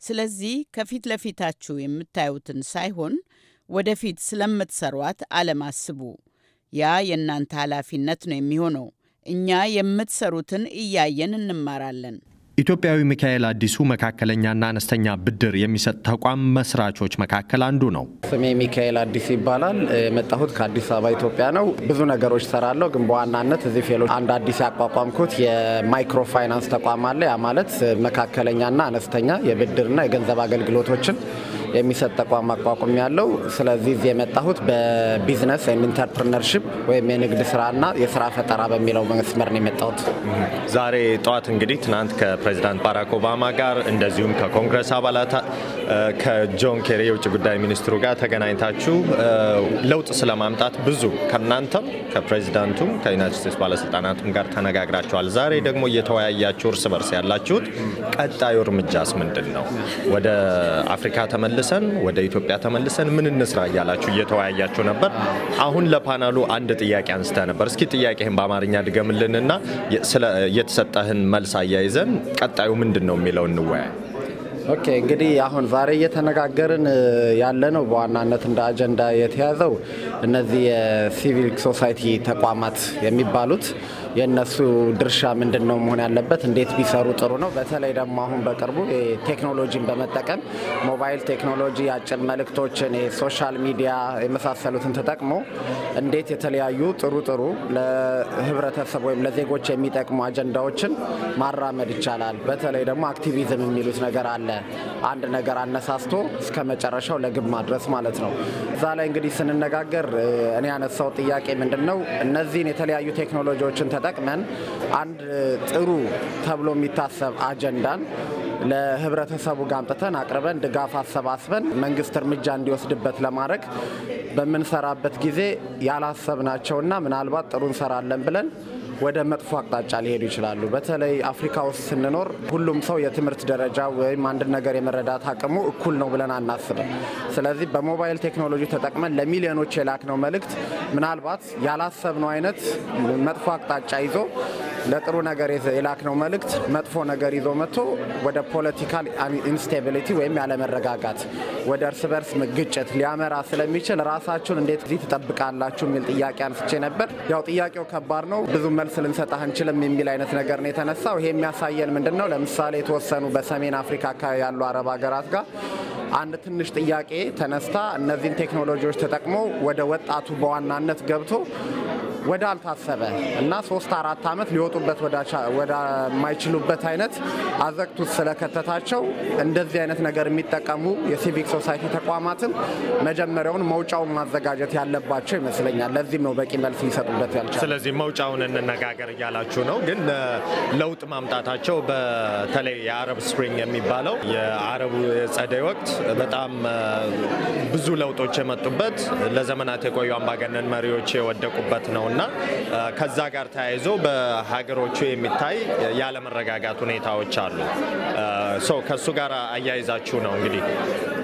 ስለዚህ ከፊት ለፊታችሁ የምታዩትን ሳይሆን ወደፊት ስለምትሰሯት ዓለም አስቡ። ያ የእናንተ ኃላፊነት ነው የሚሆነው። እኛ የምትሰሩትን እያየን እንማራለን። ኢትዮጵያዊ ሚካኤል አዲሱ መካከለኛና አነስተኛ ብድር የሚሰጥ ተቋም መስራቾች መካከል አንዱ ነው። ስሜ ሚካኤል አዲስ ይባላል። የመጣሁት ከአዲስ አበባ ኢትዮጵያ ነው። ብዙ ነገሮች ሰራለሁ፣ ግን በዋናነት እዚህ ፌሎ አንድ አዲስ ያቋቋምኩት የማይክሮ ፋይናንስ ተቋም አለ። ያ ማለት መካከለኛና አነስተኛ የብድርና የገንዘብ አገልግሎቶችን የሚሰጥ ተቋም አቋቁም ያለው። ስለዚህ እዚህ የመጣሁት በቢዝነስ ወይም ኢንተርፕርነርሽፕ ወይም የንግድ ስራና የስራ ፈጠራ በሚለው መስመር ነው የመጣሁት። ዛሬ ጠዋት እንግዲህ ትናንት ከፕሬዚዳንት ባራክ ኦባማ ጋር እንደዚሁም ከኮንግረስ አባላት ከጆን ኬሪ የውጭ ጉዳይ ሚኒስትሩ ጋር ተገናኝታችሁ ለውጥ ስለማምጣት ብዙ ከእናንተም ከፕሬዚዳንቱም ከዩናይትድ ስቴትስ ባለስልጣናቱም ጋር ተነጋግራችኋል። ዛሬ ደግሞ እየተወያያችሁ እርስ በርስ ያላችሁት ቀጣዩ እርምጃስ ምንድን ነው? ወደ አፍሪካ ተመልስ ተመልሰን ወደ ኢትዮጵያ ተመልሰን ምን እንስራ እያላችሁ እየተወያያችሁ ነበር። አሁን ለፓናሉ አንድ ጥያቄ አንስተ ነበር። እስኪ ጥያቄህን በአማርኛ ድገምልንና የተሰጠህን መልስ አያይዘን ቀጣዩ ምንድን ነው የሚለው እንወያይ። ኦኬ እንግዲህ አሁን ዛሬ እየተነጋገርን ያለ ነው በዋናነት እንደ አጀንዳ የተያዘው እነዚህ የሲቪል ሶሳይቲ ተቋማት የሚባሉት የእነሱ ድርሻ ምንድን ነው መሆን ያለበት፣ እንዴት ቢሰሩ ጥሩ ነው። በተለይ ደግሞ አሁን በቅርቡ ቴክኖሎጂን በመጠቀም ሞባይል ቴክኖሎጂ፣ አጭር መልእክቶችን፣ ሶሻል ሚዲያ የመሳሰሉትን ተጠቅሞ እንዴት የተለያዩ ጥሩ ጥሩ ለህብረተሰብ ወይም ለዜጎች የሚጠቅሙ አጀንዳዎችን ማራመድ ይቻላል። በተለይ ደግሞ አክቲቪዝም የሚሉት ነገር አለ። አንድ ነገር አነሳስቶ እስከ መጨረሻው ለግብ ማድረስ ማለት ነው። እዛ ላይ እንግዲህ ስንነጋገር እኔ ያነሳው ጥያቄ ምንድን ነው እነዚህን የተለያዩ ቴክኖሎጂዎችን ተጠቅመን አንድ ጥሩ ተብሎ የሚታሰብ አጀንዳን ለህብረተሰቡ ጋምጥተን አቅርበን ድጋፍ አሰባስበን መንግስት እርምጃ እንዲወስድበት ለማድረግ በምንሰራበት ጊዜ ያላሰብናቸውና ምናልባት ጥሩ እንሰራለን ብለን ወደ መጥፎ አቅጣጫ ሊሄዱ ይችላሉ። በተለይ አፍሪካ ውስጥ ስንኖር ሁሉም ሰው የትምህርት ደረጃ ወይም አንድን ነገር የመረዳት አቅሙ እኩል ነው ብለን አናስብም። ስለዚህ በሞባይል ቴክኖሎጂ ተጠቅመን ለሚሊዮኖች የላክነው መልእክት ምናልባት ያላሰብነው አይነት መጥፎ አቅጣጫ ይዞ ለጥሩ ነገር የላክነው መልእክት መጥፎ ነገር ይዞ መጥቶ ወደ ፖለቲካል ኢንስቴቢሊቲ ወይም ያለመረጋጋት፣ ወደ እርስ በርስ ግጭት ሊያመራ ስለሚችል ራሳችሁን እንዴት እዚህ ትጠብቃላችሁ የሚል ጥያቄ አንስቼ ነበር። ያው ጥያቄው ከባድ ነው ብዙ መልስ ልንሰጣህ አንችልም የሚል አይነት ነገር ነው የተነሳው። ይሄ የሚያሳየን ምንድን ነው? ለምሳሌ የተወሰኑ በሰሜን አፍሪካ አካባቢ ያሉ አረብ ሀገራት ጋር አንድ ትንሽ ጥያቄ ተነስታ እነዚህን ቴክኖሎጂዎች ተጠቅሞ ወደ ወጣቱ በዋናነት ገብቶ ወደ አልታሰበ እና ሶስት አራት ዓመት ሊወጡበት ወደማይችሉበት አይነት አዘቅት ውስጥ ስለከተታቸው እንደዚህ አይነት ነገር የሚጠቀሙ የሲቪክ ሶሳይቲ ተቋማትም መጀመሪያውን መውጫውን ማዘጋጀት ያለባቸው ይመስለኛል። ለዚህም ነው በቂ መልስ ሊሰጡበት ያልቻል። ስለዚህ መውጫውን እንነጋገር እያላችሁ ነው። ግን ለውጥ ማምጣታቸው በተለይ የአረብ ስፕሪንግ የሚባለው የአረቡ ጸደይ ወቅት በጣም ብዙ ለውጦች የመጡበት ለዘመናት የቆዩ አምባገነን መሪዎች የወደቁበት ነው። እና ከዛ ጋር ተያይዞ በሀገሮቹ የሚታይ ያለመረጋጋት ሁኔታዎች አሉ። ከሱ ጋር አያይዛችሁ ነው እንግዲህ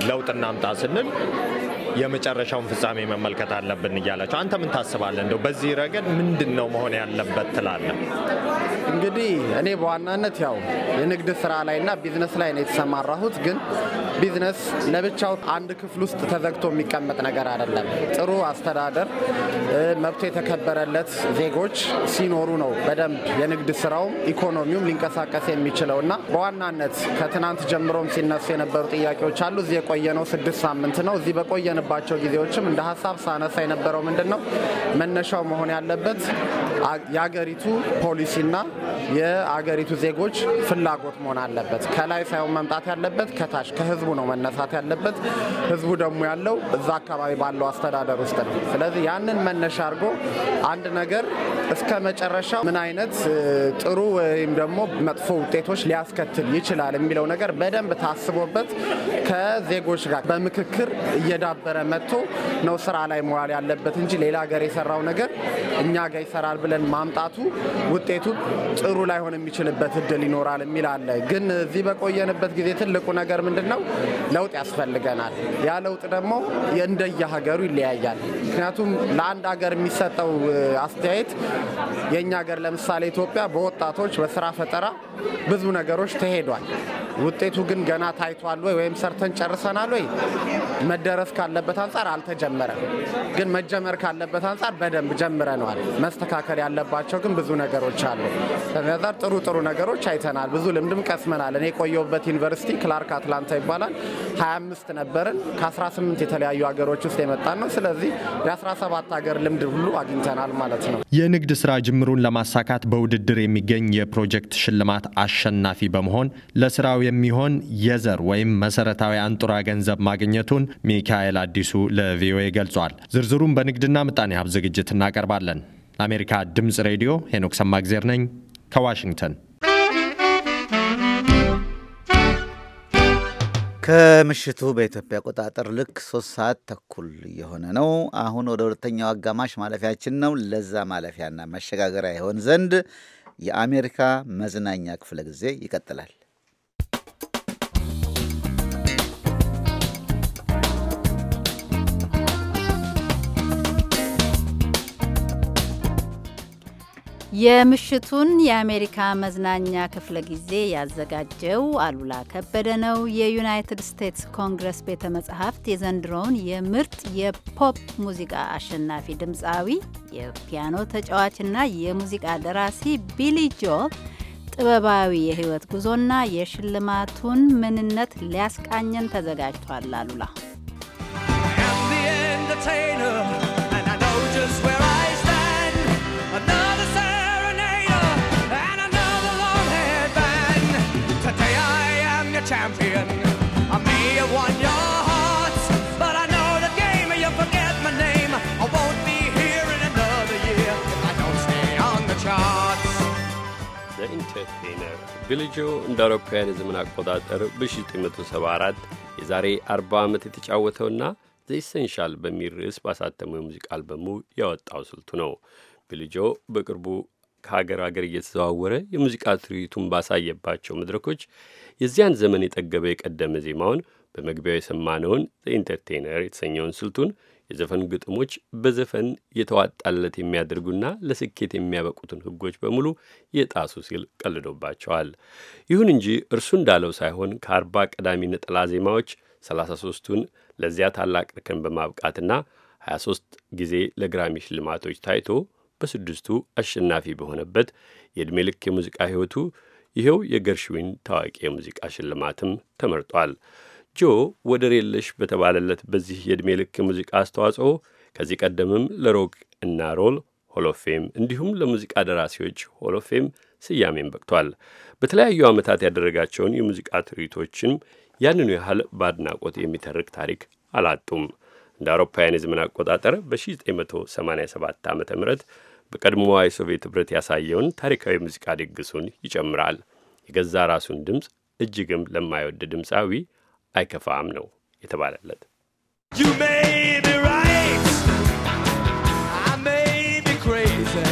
ለውጥ እናምጣ ስንል የመጨረሻውን ፍጻሜ መመልከት አለብን እያላቸው አንተ ምን ታስባለህ? እንደው በዚህ ረገድ ምንድን ነው መሆን ያለበት ትላለህ? እንግዲህ እኔ በዋናነት ያው የንግድ ስራ ላይና ቢዝነስ ላይ ነው የተሰማራሁት። ግን ቢዝነስ ለብቻው አንድ ክፍል ውስጥ ተዘግቶ የሚቀመጥ ነገር አይደለም። ጥሩ አስተዳደር፣ መብቶ የተከበረለት ዜጎች ሲኖሩ ነው በደንብ የንግድ ስራውም ኢኮኖሚውም ሊንቀሳቀስ የሚችለው እና በዋናነት ከትናንት ጀምሮም ሲነሱ የነበሩ ጥያቄዎች አሉ። እዚህ የቆየነው ስድስት ሳምንት ነው። እዚህ በቆየንባቸው ጊዜዎችም እንደ ሀሳብ ሳነሳ የነበረው ምንድን ነው መነሻው መሆን ያለበት የአገሪቱ ፖሊሲና የአገሪቱ ዜጎች ፍላጎት መሆን አለበት። ከላይ ሳይሆን መምጣት ያለበት ከታች ከህዝቡ ነው መነሳት ያለበት። ህዝቡ ደግሞ ያለው እዛ አካባቢ ባለው አስተዳደር ውስጥ ነው። ስለዚህ ያንን መነሻ አድርጎ አንድ ነገር እስከ መጨረሻው ምን አይነት ጥሩ ወይም ደግሞ መጥፎ ውጤቶች ሊያስከትል ይችላል የሚለው ነገር በደንብ ታስቦበት ከዜጎች ጋር በምክክር እየዳበረ መጥቶ ነው ስራ ላይ መዋል ያለበት እንጂ ሌላ ሀገር የሰራው ነገር እኛ ጋር ይሰራል ብለን ማምጣቱ ውጤቱ ጥሩ ላይሆን የሚችልበት እድል ይኖራል የሚል አለ። ግን እዚህ በቆየንበት ጊዜ ትልቁ ነገር ምንድን ነው? ለውጥ ያስፈልገናል። ያ ለውጥ ደግሞ እንደየ ሀገሩ ይለያያል። ምክንያቱም ለአንድ ሀገር የሚሰጠው አስተያየት የእኛ ሀገር ለምሳሌ ኢትዮጵያ በወጣቶች በስራ ፈጠራ ብዙ ነገሮች ተሄዷል። ውጤቱ ግን ገና ታይቷል ወይ ወይም ሰርተን ጨርሰናል ወይ መደረስ ካለበት አንጻር አልተጀመረም። ግን መጀመር ካለበት አንጻር በደንብ ጀምረነዋል። መስተካከል ያለባቸው ግን ብዙ ነገሮች አሉ። ነበር። ጥሩ ጥሩ ነገሮች አይተናል። ብዙ ልምድም ቀስመናል። እኔ የቆየሁበት ዩኒቨርሲቲ ክላርክ አትላንታ ይባላል። 25 ነበርን ከ18 የተለያዩ ሀገሮች ውስጥ የመጣን ነው። ስለዚህ የ17 ሀገር ልምድ ሁሉ አግኝተናል ማለት ነው። የንግድ ስራ ጅምሩን ለማሳካት በውድድር የሚገኝ የፕሮጀክት ሽልማት አሸናፊ በመሆን ለስራው የሚሆን የዘር ወይም መሰረታዊ አንጡራ ገንዘብ ማግኘቱን ሚካኤል አዲሱ ለቪኦኤ ገልጿል። ዝርዝሩም በንግድና ምጣኔ ሀብት ዝግጅት እናቀርባለን። ለአሜሪካ ድምፅ ሬዲዮ ሄኖክ ሰማግዜር ነኝ ከዋሽንግተን። ከምሽቱ በኢትዮጵያ አቆጣጠር ልክ ሶስት ሰዓት ተኩል እየሆነ ነው። አሁን ወደ ሁለተኛው አጋማሽ ማለፊያችን ነው። ለዛ ማለፊያና መሸጋገሪያ ይሆን ዘንድ የአሜሪካ መዝናኛ ክፍለ ጊዜ ይቀጥላል። የምሽቱን የአሜሪካ መዝናኛ ክፍለ ጊዜ ያዘጋጀው አሉላ ከበደ ነው። የዩናይትድ ስቴትስ ኮንግረስ ቤተ መጽሐፍት የዘንድሮውን የምርጥ የፖፕ ሙዚቃ አሸናፊ ድምፃዊ፣ የፒያኖ ተጫዋችና የሙዚቃ ደራሲ ቢሊ ጆል ጥበባዊ የህይወት ጉዞና የሽልማቱን ምንነት ሊያስቃኘን ተዘጋጅቷል። አሉላ ፌነር ቢልጆ እንደ አውሮፓውያን የዘመን አቆጣጠር በ1974 የዛሬ 40 ዓመት የተጫወተውና ዘ ኢሰንሻል በሚል ርዕስ ባሳተመው የሙዚቃ አልበሙ ያወጣው ስልቱ ነው። ቢልጆ በቅርቡ ከሀገር ሀገር እየተዘዋወረ የሙዚቃ ትርኢቱን ባሳየባቸው መድረኮች የዚያን ዘመን የጠገበ የቀደመ ዜማውን በመግቢያው የሰማነውን ዘኢንተርቴነር የተሰኘውን ስልቱን የዘፈን ግጥሞች በዘፈን የተዋጣለት የሚያደርጉና ለስኬት የሚያበቁትን ሕጎች በሙሉ የጣሱ ሲል ቀልዶባቸዋል። ይሁን እንጂ እርሱ እንዳለው ሳይሆን ከአርባ ቀዳሚ ነጠላ ዜማዎች 33ቱን ለዚያ ታላቅ እርከን በማብቃትና 23 ጊዜ ለግራሚ ሽልማቶች ታይቶ በስድስቱ አሸናፊ በሆነበት የዕድሜ ልክ የሙዚቃ ሕይወቱ ይኸው የገርሽዊን ታዋቂ የሙዚቃ ሽልማትም ተመርጧል። ጆ ወደር የለሽ በተባለለት በዚህ የዕድሜ ልክ ሙዚቃ አስተዋጽኦ ከዚህ ቀደምም ለሮክ እና ሮል ሆሎፌም እንዲሁም ለሙዚቃ ደራሲዎች ሆሎፌም ስያሜን በቅቷል። በተለያዩ ዓመታት ያደረጋቸውን የሙዚቃ ትርኢቶችም ያንኑ ያህል በአድናቆት የሚተርክ ታሪክ አላጡም። እንደ አውሮፓውያን የዘመን አቆጣጠር በ1987 ዓ ም በቀድሞዋ የሶቪየት ኅብረት ያሳየውን ታሪካዊ ሙዚቃ ድግሱን ይጨምራል። የገዛ ራሱን ድምፅ እጅግም ለማይወድ ድምፃዊ አይከፋም ነው የተባለለት። You may be right, I may be crazy.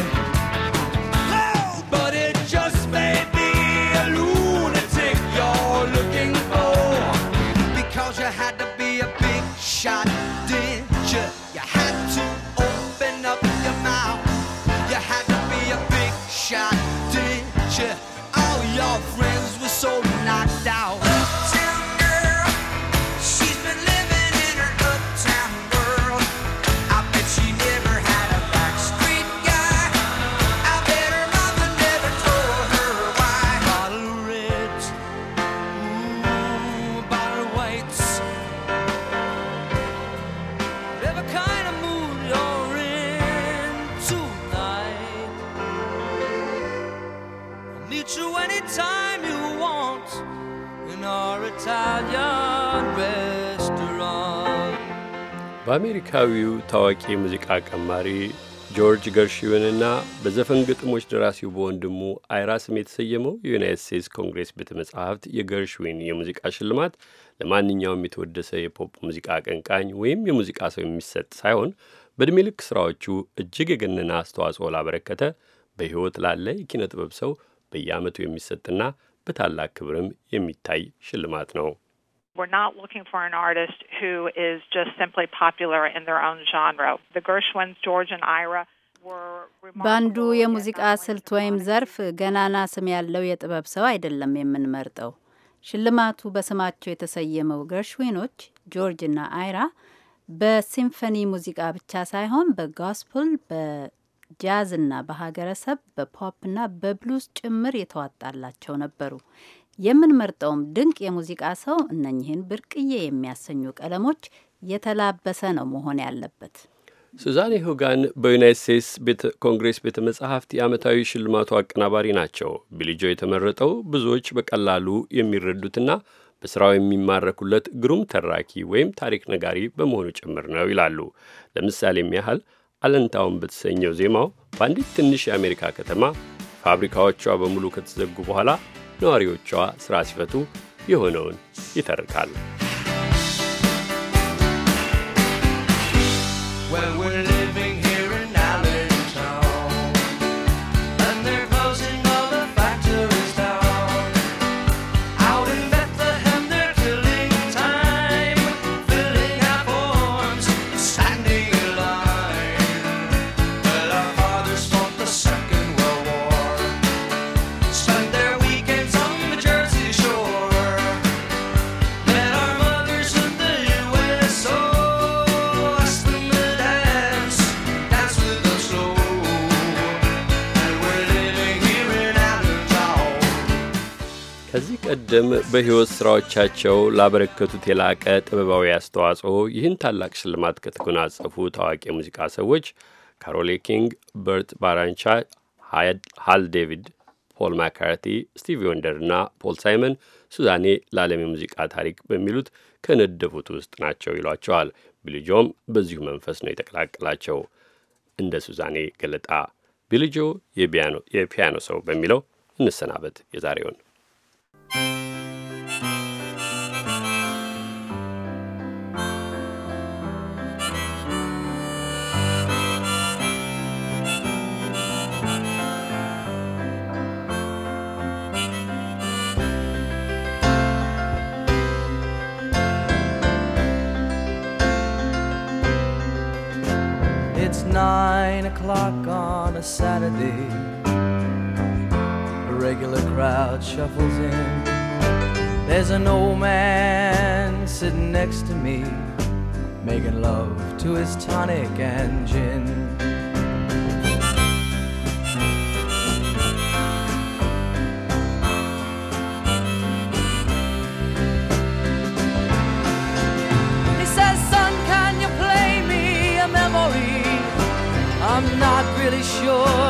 አሜሪካዊው ታዋቂ ሙዚቃ ቀማሪ ጆርጅ ገርሽዊንና በዘፈን ግጥሞች ደራሲው በወንድሙ አይራ ስም የተሰየመው የዩናይት ስቴትስ ኮንግሬስ ቤተ መጻሕፍት የገርሽዊን የሙዚቃ ሽልማት ለማንኛውም የተወደሰ የፖፕ ሙዚቃ አቀንቃኝ ወይም የሙዚቃ ሰው የሚሰጥ ሳይሆን በእድሜ ልክ ሥራዎቹ እጅግ የገነነ አስተዋጽኦ ላበረከተ በሕይወት ላለ የኪነ ጥበብ ሰው በየዓመቱ የሚሰጥና በታላቅ ክብርም የሚታይ ሽልማት ነው። We're not looking for an artist who is just simply popular in their own genre. The Gershwins, George and Ira በአንዱ የሙዚቃ ስልት ወይም ዘርፍ ገናና ስም ያለው የጥበብ ሰው አይደለም የምንመርጠው። ሽልማቱ በስማቸው የተሰየመው ገርሽዊኖች ጆርጅ እና አይራ በሲምፈኒ ሙዚቃ ብቻ ሳይሆን በጋስፕል፣ በጃዝና በሀገረሰብ፣ በፖፕና በብሉዝ ጭምር የተዋጣላቸው ነበሩ። የምንመርጠውም ድንቅ የሙዚቃ ሰው እነኚህን ብርቅዬ የሚያሰኙ ቀለሞች የተላበሰ ነው መሆን ያለበት። ሱዛኔ ሁጋን በዩናይት ስቴትስ ኮንግሬስ ቤተ መጻሕፍት የዓመታዊ ሽልማቱ አቀናባሪ ናቸው። ቢልጆ የተመረጠው ብዙዎች በቀላሉ የሚረዱትና በሥራው የሚማረኩለት ግሩም ተራኪ ወይም ታሪክ ነጋሪ በመሆኑ ጭምር ነው ይላሉ። ለምሳሌም ያህል አለንታውን በተሰኘው ዜማው በአንዲት ትንሽ የአሜሪካ ከተማ ፋብሪካዎቿ በሙሉ ከተዘጉ በኋላ ነዋሪዎቿ ሥራ ሲፈቱ የሆነውን ይተርካል። ቀደም በሕይወት ሥራዎቻቸው ላበረከቱት የላቀ ጥበባዊ አስተዋጽኦ ይህን ታላቅ ሽልማት ከተጎናጸፉ ታዋቂ የሙዚቃ ሰዎች ካሮሌ ኪንግ፣ በርት ባራንቻ፣ ሃል ዴቪድ፣ ፖል ማካርቲ፣ ስቲቪ ወንደር እና ፖል ሳይመን ሱዛኔ ለዓለም የሙዚቃ ታሪክ በሚሉት ከነደፉት ውስጥ ናቸው ይሏቸዋል። ቢልጆም በዚሁ መንፈስ ነው የተቀላቀላቸው። እንደ ሱዛኔ ገለጣ ቢልጆ የፒያኖ ሰው በሚለው እንሰናበት የዛሬውን It's nine o'clock on a Saturday. A regular crowd shuffles in. There's an old man sitting next to me, making love to his tonic and gin. He says, Son, can you play me a memory? I'm not really sure.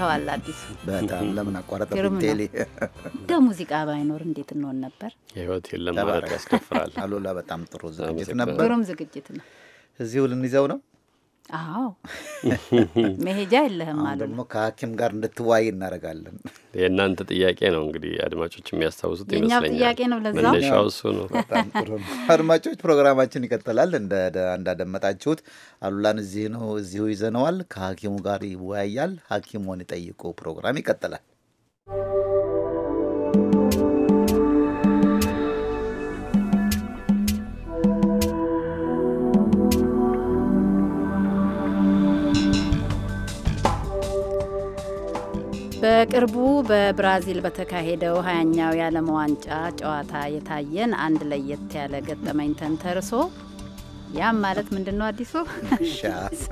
ይለዋል በጣም ለምን አቋረጠ? ቴሌ እንደ ሙዚቃ ባይኖር እንዴት እንሆን ነበር? ህይወት የለም ማለት አሉላ በጣም ጥሩ ዝግጅት ነበር። ግሩም ዝግጅት ነው። እዚሁ ልንይዘው ነው። አዎ [LAUGHS] መሄጃ የለህም አሉ። ደግሞ ከሐኪም ጋር እንድትዋይ እናደርጋለን። የእናንተ ጥያቄ ነው እንግዲህ አድማጮች የሚያስታውሱት ይመስለኛል። ጥያቄ ነው ለዛ መነሻው እሱ ነው። አድማጮች ፕሮግራማችን ይቀጥላል። እንዳደመጣችሁት አሉላን እዚህ ነው እዚሁ ይዘነዋል። ከሐኪሙ ጋር ይወያያል። ሐኪሙን ይጠይቁ ፕሮግራም ይቀጥላል። በቅርቡ በብራዚል በተካሄደው ሀያኛው የዓለም ዋንጫ ጨዋታ የታየን አንድ ለየት ያለ ገጠመኝ ተንተርሶ ያም ማለት ምንድን ነው? አዲሱ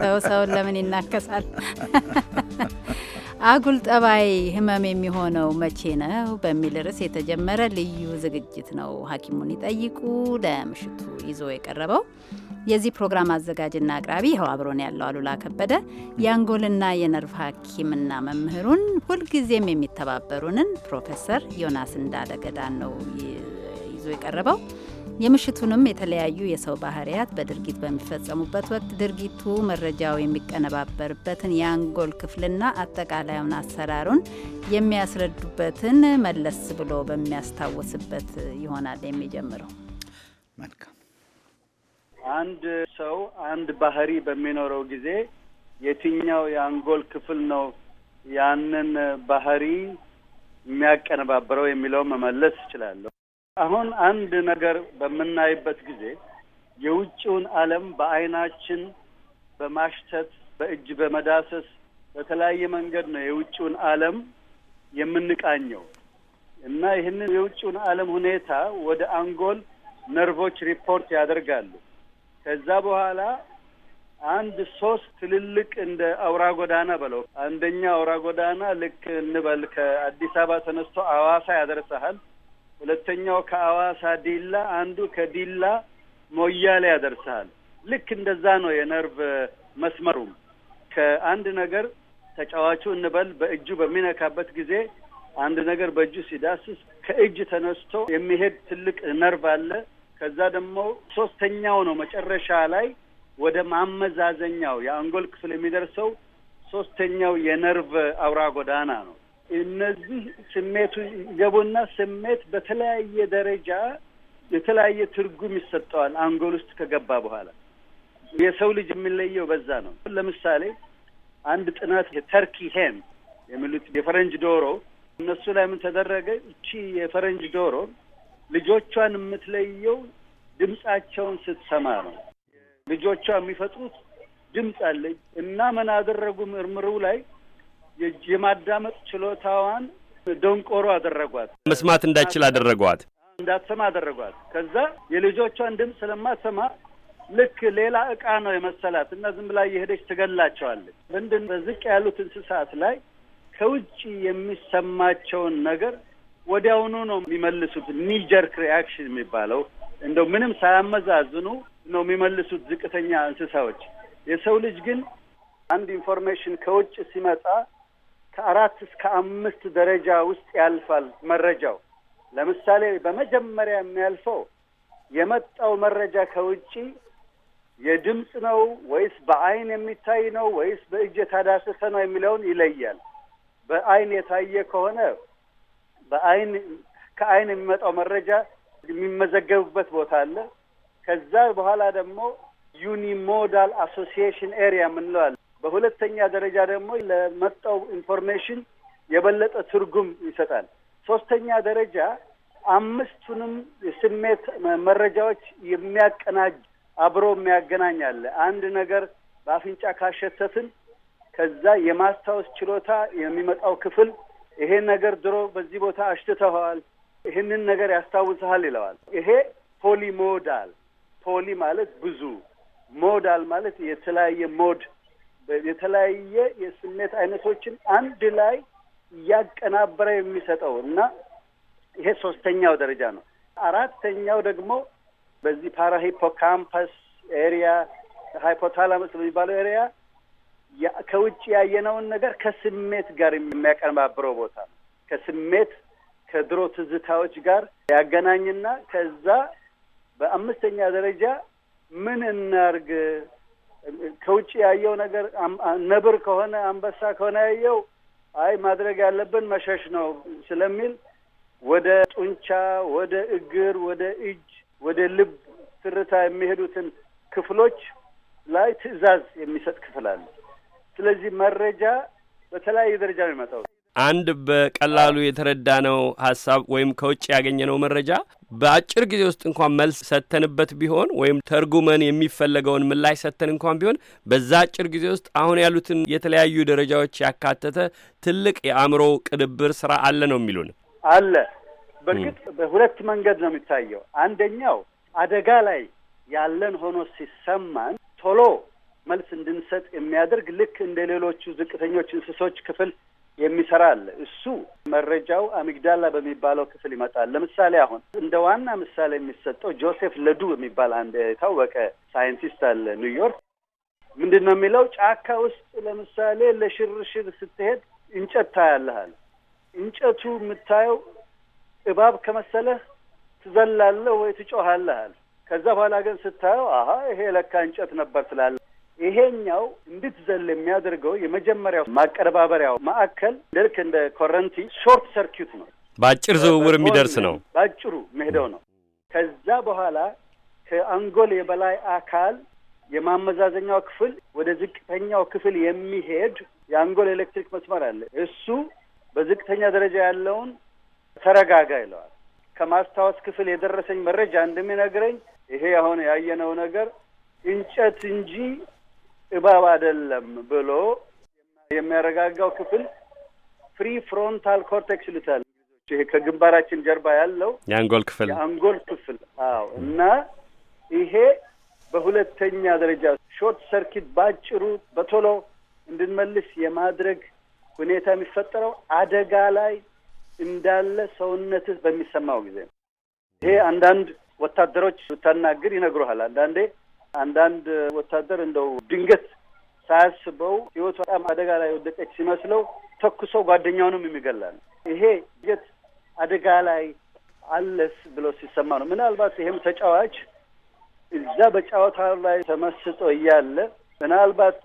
ሰው ሰውን ለምን ይናከሳል? አጉል ጠባይ ህመም የሚሆነው መቼ ነው በሚል ርዕስ የተጀመረ ልዩ ዝግጅት ነው። ሐኪሙን ይጠይቁ ለምሽቱ ይዞ የቀረበው የዚህ ፕሮግራም አዘጋጅና አቅራቢ ይኸው አብሮን ያለው አሉላ ከበደ የአንጎልና የነርቭ ሐኪምና መምህሩን ሁልጊዜም የሚተባበሩንን ፕሮፌሰር ዮናስ እንዳለገዳን ነው ይዞ የቀረበው። የምሽቱንም የተለያዩ የሰው ባህሪያት በድርጊት በሚፈጸሙበት ወቅት ድርጊቱ መረጃው የሚቀነባበርበትን የአንጎል ክፍልና አጠቃላዩን አሰራሩን የሚያስረዱበትን መለስ ብሎ በሚያስታውስበት ይሆናል የሚጀምረው። መልካም አንድ ሰው አንድ ባህሪ በሚኖረው ጊዜ የትኛው የአንጎል ክፍል ነው ያንን ባህሪ የሚያቀነባብረው የሚለው መመለስ እችላለሁ። አሁን አንድ ነገር በምናይበት ጊዜ የውጭውን ዓለም በአይናችን በማሽተት በእጅ በመዳሰስ በተለያየ መንገድ ነው የውጭውን ዓለም የምንቃኘው እና ይህንን የውጭውን ዓለም ሁኔታ ወደ አንጎል ነርቮች ሪፖርት ያደርጋሉ። ከዛ በኋላ አንድ ሶስት ትልልቅ እንደ አውራ ጎዳና በለው አንደኛ አውራ ጎዳና ልክ እንበል ከአዲስ አበባ ተነስቶ አዋሳ ያደርሰሃል። ሁለተኛው ከአዋሳ ዲላ፣ አንዱ ከዲላ ሞያሌ ያደርሰሃል። ልክ እንደዛ ነው የነርቭ መስመሩም ከአንድ ነገር ተጫዋቹ እንበል በእጁ በሚነካበት ጊዜ አንድ ነገር በእጁ ሲዳስስ ከእጅ ተነስቶ የሚሄድ ትልቅ ነርቭ አለ። ከዛ ደግሞ ሶስተኛው ነው መጨረሻ ላይ ወደ ማመዛዘኛው የአንጎል ክፍል የሚደርሰው ሶስተኛው የነርቭ አውራ ጎዳና ነው። እነዚህ ስሜቱ ገቡና ስሜት በተለያየ ደረጃ የተለያየ ትርጉም ይሰጠዋል። አንጎል ውስጥ ከገባ በኋላ የሰው ልጅ የሚለየው በዛ ነው። ለምሳሌ አንድ ጥናት የተርኪ ሄን የሚሉት የፈረንጅ ዶሮ እነሱ ላይ ምን ተደረገ? እቺ የፈረንጅ ዶሮ ልጆቿን የምትለየው ድምፃቸውን ስትሰማ ነው። ልጆቿ የሚፈጥሩት ድምፅ አለኝ እና ምን አደረጉ? ምርምሩ ላይ የማዳመጥ ችሎታዋን ደንቆሮ አደረጓት። መስማት እንዳችል አደረጓት፣ እንዳትሰማ አደረጓት። ከዛ የልጆቿን ድምፅ ስለማትሰማ ልክ ሌላ እቃ ነው የመሰላት እና ዝም ብላ የሄደች ትገላቸዋለች። ምንድን በዝቅ ያሉት እንስሳት ላይ ከውጭ የሚሰማቸውን ነገር ወዲያውኑ ነው የሚመልሱት። ኒጀርክ ሪያክሽን የሚባለው እንደው ምንም ሳያመዛዝኑ ነው የሚመልሱት ዝቅተኛ እንስሳዎች። የሰው ልጅ ግን አንድ ኢንፎርሜሽን ከውጭ ሲመጣ ከአራት እስከ አምስት ደረጃ ውስጥ ያልፋል መረጃው። ለምሳሌ በመጀመሪያ የሚያልፈው የመጣው መረጃ ከውጭ የድምፅ ነው ወይስ በአይን የሚታይ ነው ወይስ በእጅ የታዳሰሰ ነው የሚለውን ይለያል። በአይን የታየ ከሆነ በአይን ከአይን የሚመጣው መረጃ የሚመዘገብበት ቦታ አለ። ከዛ በኋላ ደግሞ ዩኒሞዳል አሶሲዬሽን ኤሪያ የምንለው በሁለተኛ ደረጃ ደግሞ ለመጣው ኢንፎርሜሽን የበለጠ ትርጉም ይሰጣል። ሶስተኛ ደረጃ አምስቱንም የስሜት መረጃዎች የሚያቀናጅ አብሮ የሚያገናኝ አለ። አንድ ነገር በአፍንጫ ካሸተትን ከዛ የማስታወስ ችሎታ የሚመጣው ክፍል ይሄን ነገር ድሮ በዚህ ቦታ አሽትተኸዋል፣ ይህንን ነገር ያስታውስሃል ይለዋል። ይሄ ፖሊሞዳል። ፖሊ ማለት ብዙ፣ ሞዳል ማለት የተለያየ ሞድ የተለያየ የስሜት አይነቶችን አንድ ላይ እያቀናበረ የሚሰጠው እና ይሄ ሶስተኛው ደረጃ ነው። አራተኛው ደግሞ በዚህ ፓራሂፖካምፐስ ኤሪያ ሃይፖታላመስ በሚባለው ኤሪያ ከውጭ ያየነውን ነገር ከስሜት ጋር የሚያቀነባብረው ቦታ ነው። ከስሜት ከድሮ ትዝታዎች ጋር ያገናኝና ከዛ በአምስተኛ ደረጃ ምን እናርግ ከውጭ ያየው ነገር ነብር ከሆነ አንበሳ ከሆነ ያየው አይ ማድረግ ያለብን መሸሽ ነው ስለሚል ወደ ጡንቻ፣ ወደ እግር፣ ወደ እጅ፣ ወደ ልብ ትርታ የሚሄዱትን ክፍሎች ላይ ትዕዛዝ የሚሰጥ ክፍል አለ። ስለዚህ መረጃ በተለያየ ደረጃ ነው የሚመጣው። አንድ በቀላሉ የተረዳ ነው ሀሳብ ወይም ከውጭ ያገኘነው መረጃ በአጭር ጊዜ ውስጥ እንኳን መልስ ሰጥተንበት ቢሆን ወይም ተርጉመን የሚፈለገውን ምላሽ ሰጥተን እንኳን ቢሆን በዛ አጭር ጊዜ ውስጥ አሁን ያሉትን የተለያዩ ደረጃዎች ያካተተ ትልቅ የአእምሮ ቅንብር ስራ አለ ነው የሚሉን አለ። በእርግጥ በሁለት መንገድ ነው የሚታየው። አንደኛው አደጋ ላይ ያለን ሆኖ ሲሰማን ቶሎ መልስ እንድንሰጥ የሚያደርግ ልክ እንደ ሌሎቹ ዝቅተኞች እንስሶች ክፍል የሚሰራ አለ። እሱ መረጃው አሚግዳላ በሚባለው ክፍል ይመጣል። ለምሳሌ አሁን እንደ ዋና ምሳሌ የሚሰጠው ጆሴፍ ለዱ የሚባል አንድ የታወቀ ሳይንቲስት አለ ኒውዮርክ። ምንድን ነው የሚለው? ጫካ ውስጥ ለምሳሌ ለሽርሽር ስትሄድ እንጨት ታያለሃል። እንጨቱ የምታየው እባብ ከመሰለህ ትዘላለህ ወይ ትጮሃለሃል። ከዛ በኋላ ግን ስታየው አሀ ይሄ ለካ እንጨት ነበር ትላለህ። ይሄኛው እንድትዘል የሚያደርገው የመጀመሪያው ማቀነባበሪያው ማዕከል ልክ እንደ ኮረንቲ ሾርት ሰርኪዩት ነው። በአጭር ዝውውር የሚደርስ ነው። በአጭሩ መሄደው ነው። ከዛ በኋላ ከአንጎል የበላይ አካል የማመዛዘኛው ክፍል ወደ ዝቅተኛው ክፍል የሚሄድ የአንጎል ኤሌክትሪክ መስመር አለ። እሱ በዝቅተኛ ደረጃ ያለውን ተረጋጋ ይለዋል። ከማስታወስ ክፍል የደረሰኝ መረጃ እንደሚነግረኝ ይሄ አሁን ያየነው ነገር እንጨት እንጂ እባብ አይደለም ብሎ የሚያረጋጋው ክፍል ፍሪ ፍሮንታል ኮርቴክስ ይሉታል። ይሄ ከግንባራችን ጀርባ ያለው የአንጎል ክፍል የአንጎል ክፍል አዎ። እና ይሄ በሁለተኛ ደረጃ ሾርት ሰርኪት ባጭሩ በቶሎ እንድንመልስ የማድረግ ሁኔታ የሚፈጠረው አደጋ ላይ እንዳለ ሰውነትህ በሚሰማው ጊዜ ነው። ይሄ አንዳንድ ወታደሮች ብታናግር ይነግሩሃል። አንዳንዴ አንዳንድ ወታደር እንደው ድንገት ሳያስበው ህይወቱ በጣም አደጋ ላይ ወደቀች ሲመስለው ተኩሶ ጓደኛውንም የሚገላል። ይሄ የት አደጋ ላይ አለስ ብሎ ሲሰማ ነው። ምናልባት ይሄም ተጫዋች እዛ በጨዋታ ላይ ተመስጦ እያለ ምናልባት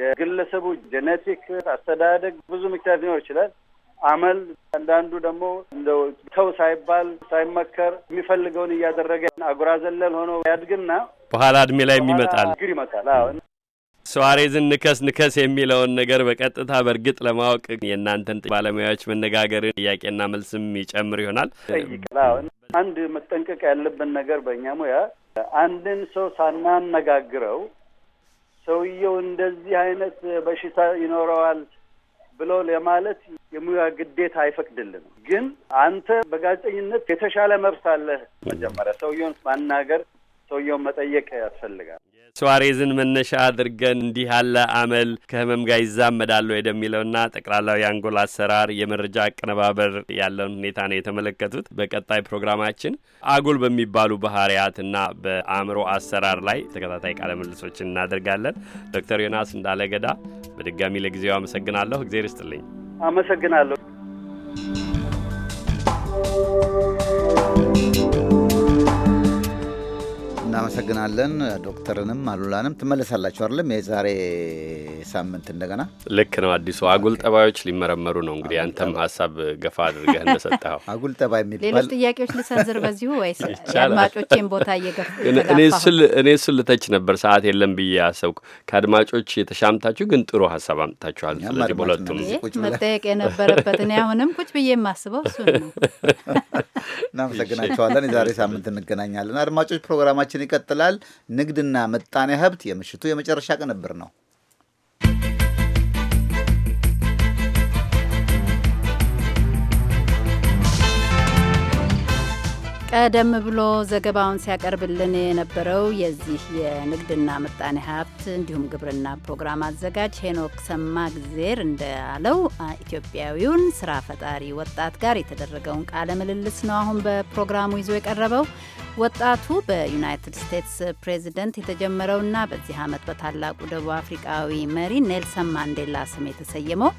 የግለሰቡ ጄኔቲክ አስተዳደግ ብዙ ምክንያት ሊኖር ይችላል። አመል፣ አንዳንዱ ደግሞ እንደው ተው ሳይባል ሳይመከር የሚፈልገውን እያደረገ አጉራዘለል ሆኖ ያድግና በኋላ እድሜ ላይ የሚመጣል ይመጣል። ስዋሬዝን ንከስ ንከስ የሚለውን ነገር በቀጥታ በእርግጥ ለማወቅ የእናንተን ባለሙያዎች መነጋገርን ጥያቄና መልስም ይጨምር ይሆናል። አንድ መጠንቀቅ ያለብን ነገር በእኛ ሙያ አንድን ሰው ሳናነጋግረው ሰውየው እንደዚህ አይነት በሽታ ይኖረዋል ብሎ ለማለት የሙያ ግዴታ አይፈቅድልንም። ግን አንተ በጋዜጠኝነት የተሻለ መብት አለህ። መጀመሪያ ሰውየውን ማናገር ሰውየውን መጠየቅ ያስፈልጋል። ሱዋሬዝን መነሻ አድርገን እንዲህ ያለ አመል ከህመም ጋር ይዛመዳሉ ወደሚለውና ጠቅላላው የአንጎል አሰራር የመረጃ አቀነባበር ያለውን ሁኔታ ነው የተመለከቱት። በቀጣይ ፕሮግራማችን አጉል በሚባሉ ባህሪያትና በአእምሮ አሰራር ላይ ተከታታይ ቃለ ምልልሶችን እናደርጋለን። ዶክተር ዮናስ እንዳለገዳ በድጋሚ ለጊዜው አመሰግናለሁ። እግዜር ይስጥልኝ። አመሰግናለሁ። እናመሰግናለን ዶክተርንም አሉላንም። ትመለሳላችሁ አይደለም? የዛሬ ሳምንት እንደገና። ልክ ነው። አዲሱ አጉል ጠባዮች ሊመረመሩ ነው እንግዲህ። አንተም ሀሳብ ገፋ አድርገህ እንደሰጠኸው [LAUGHS] አጉል ጠባይ የሚባል ሌሎች ጥያቄዎች ልሰንዝር በዚሁ ወይስ የአድማጮቼን ቦታ እየገፋ እኔ እሱን ልተች ነበር ሰዓት የለም ብዬ አሰብኩ። ከአድማጮች የተሻምታችሁ ግን ጥሩ ሀሳብ አምጥታችኋል። ስለዚህ በሁለቱም መጠየቅ የነበረበት እኔ አሁንም ቁጭ ብዬ የማስበው እሱ ነው። [LAUGHS] እናመሰግናቸዋለን። የዛሬ ሳምንት እንገናኛለን አድማጮች ፕሮግራማችን ይቀጥላል። ንግድና ምጣኔ ሀብት የምሽቱ የመጨረሻ ቅንብር ነው። ቀደም ብሎ ዘገባውን ሲያቀርብልን የነበረው የዚህ የንግድና ምጣኔ ሀብት እንዲሁም ግብርና ፕሮግራም አዘጋጅ ሄኖክ ጊዜር እንዳለው ኢትዮጵያዊውን ስራ ፈጣሪ ወጣት ጋር የተደረገውን ቃለ ምልልስ ነው አሁን በፕሮግራሙ ይዞ የቀረበው። ወጣቱ በዩናይትድ ስቴትስ ፕሬዚደንት የተጀመረውና በዚህ ዓመት በታላቁ ደቡብ አፍሪቃዊ መሪ ኔልሰን ማንዴላ ስም የተሰየመው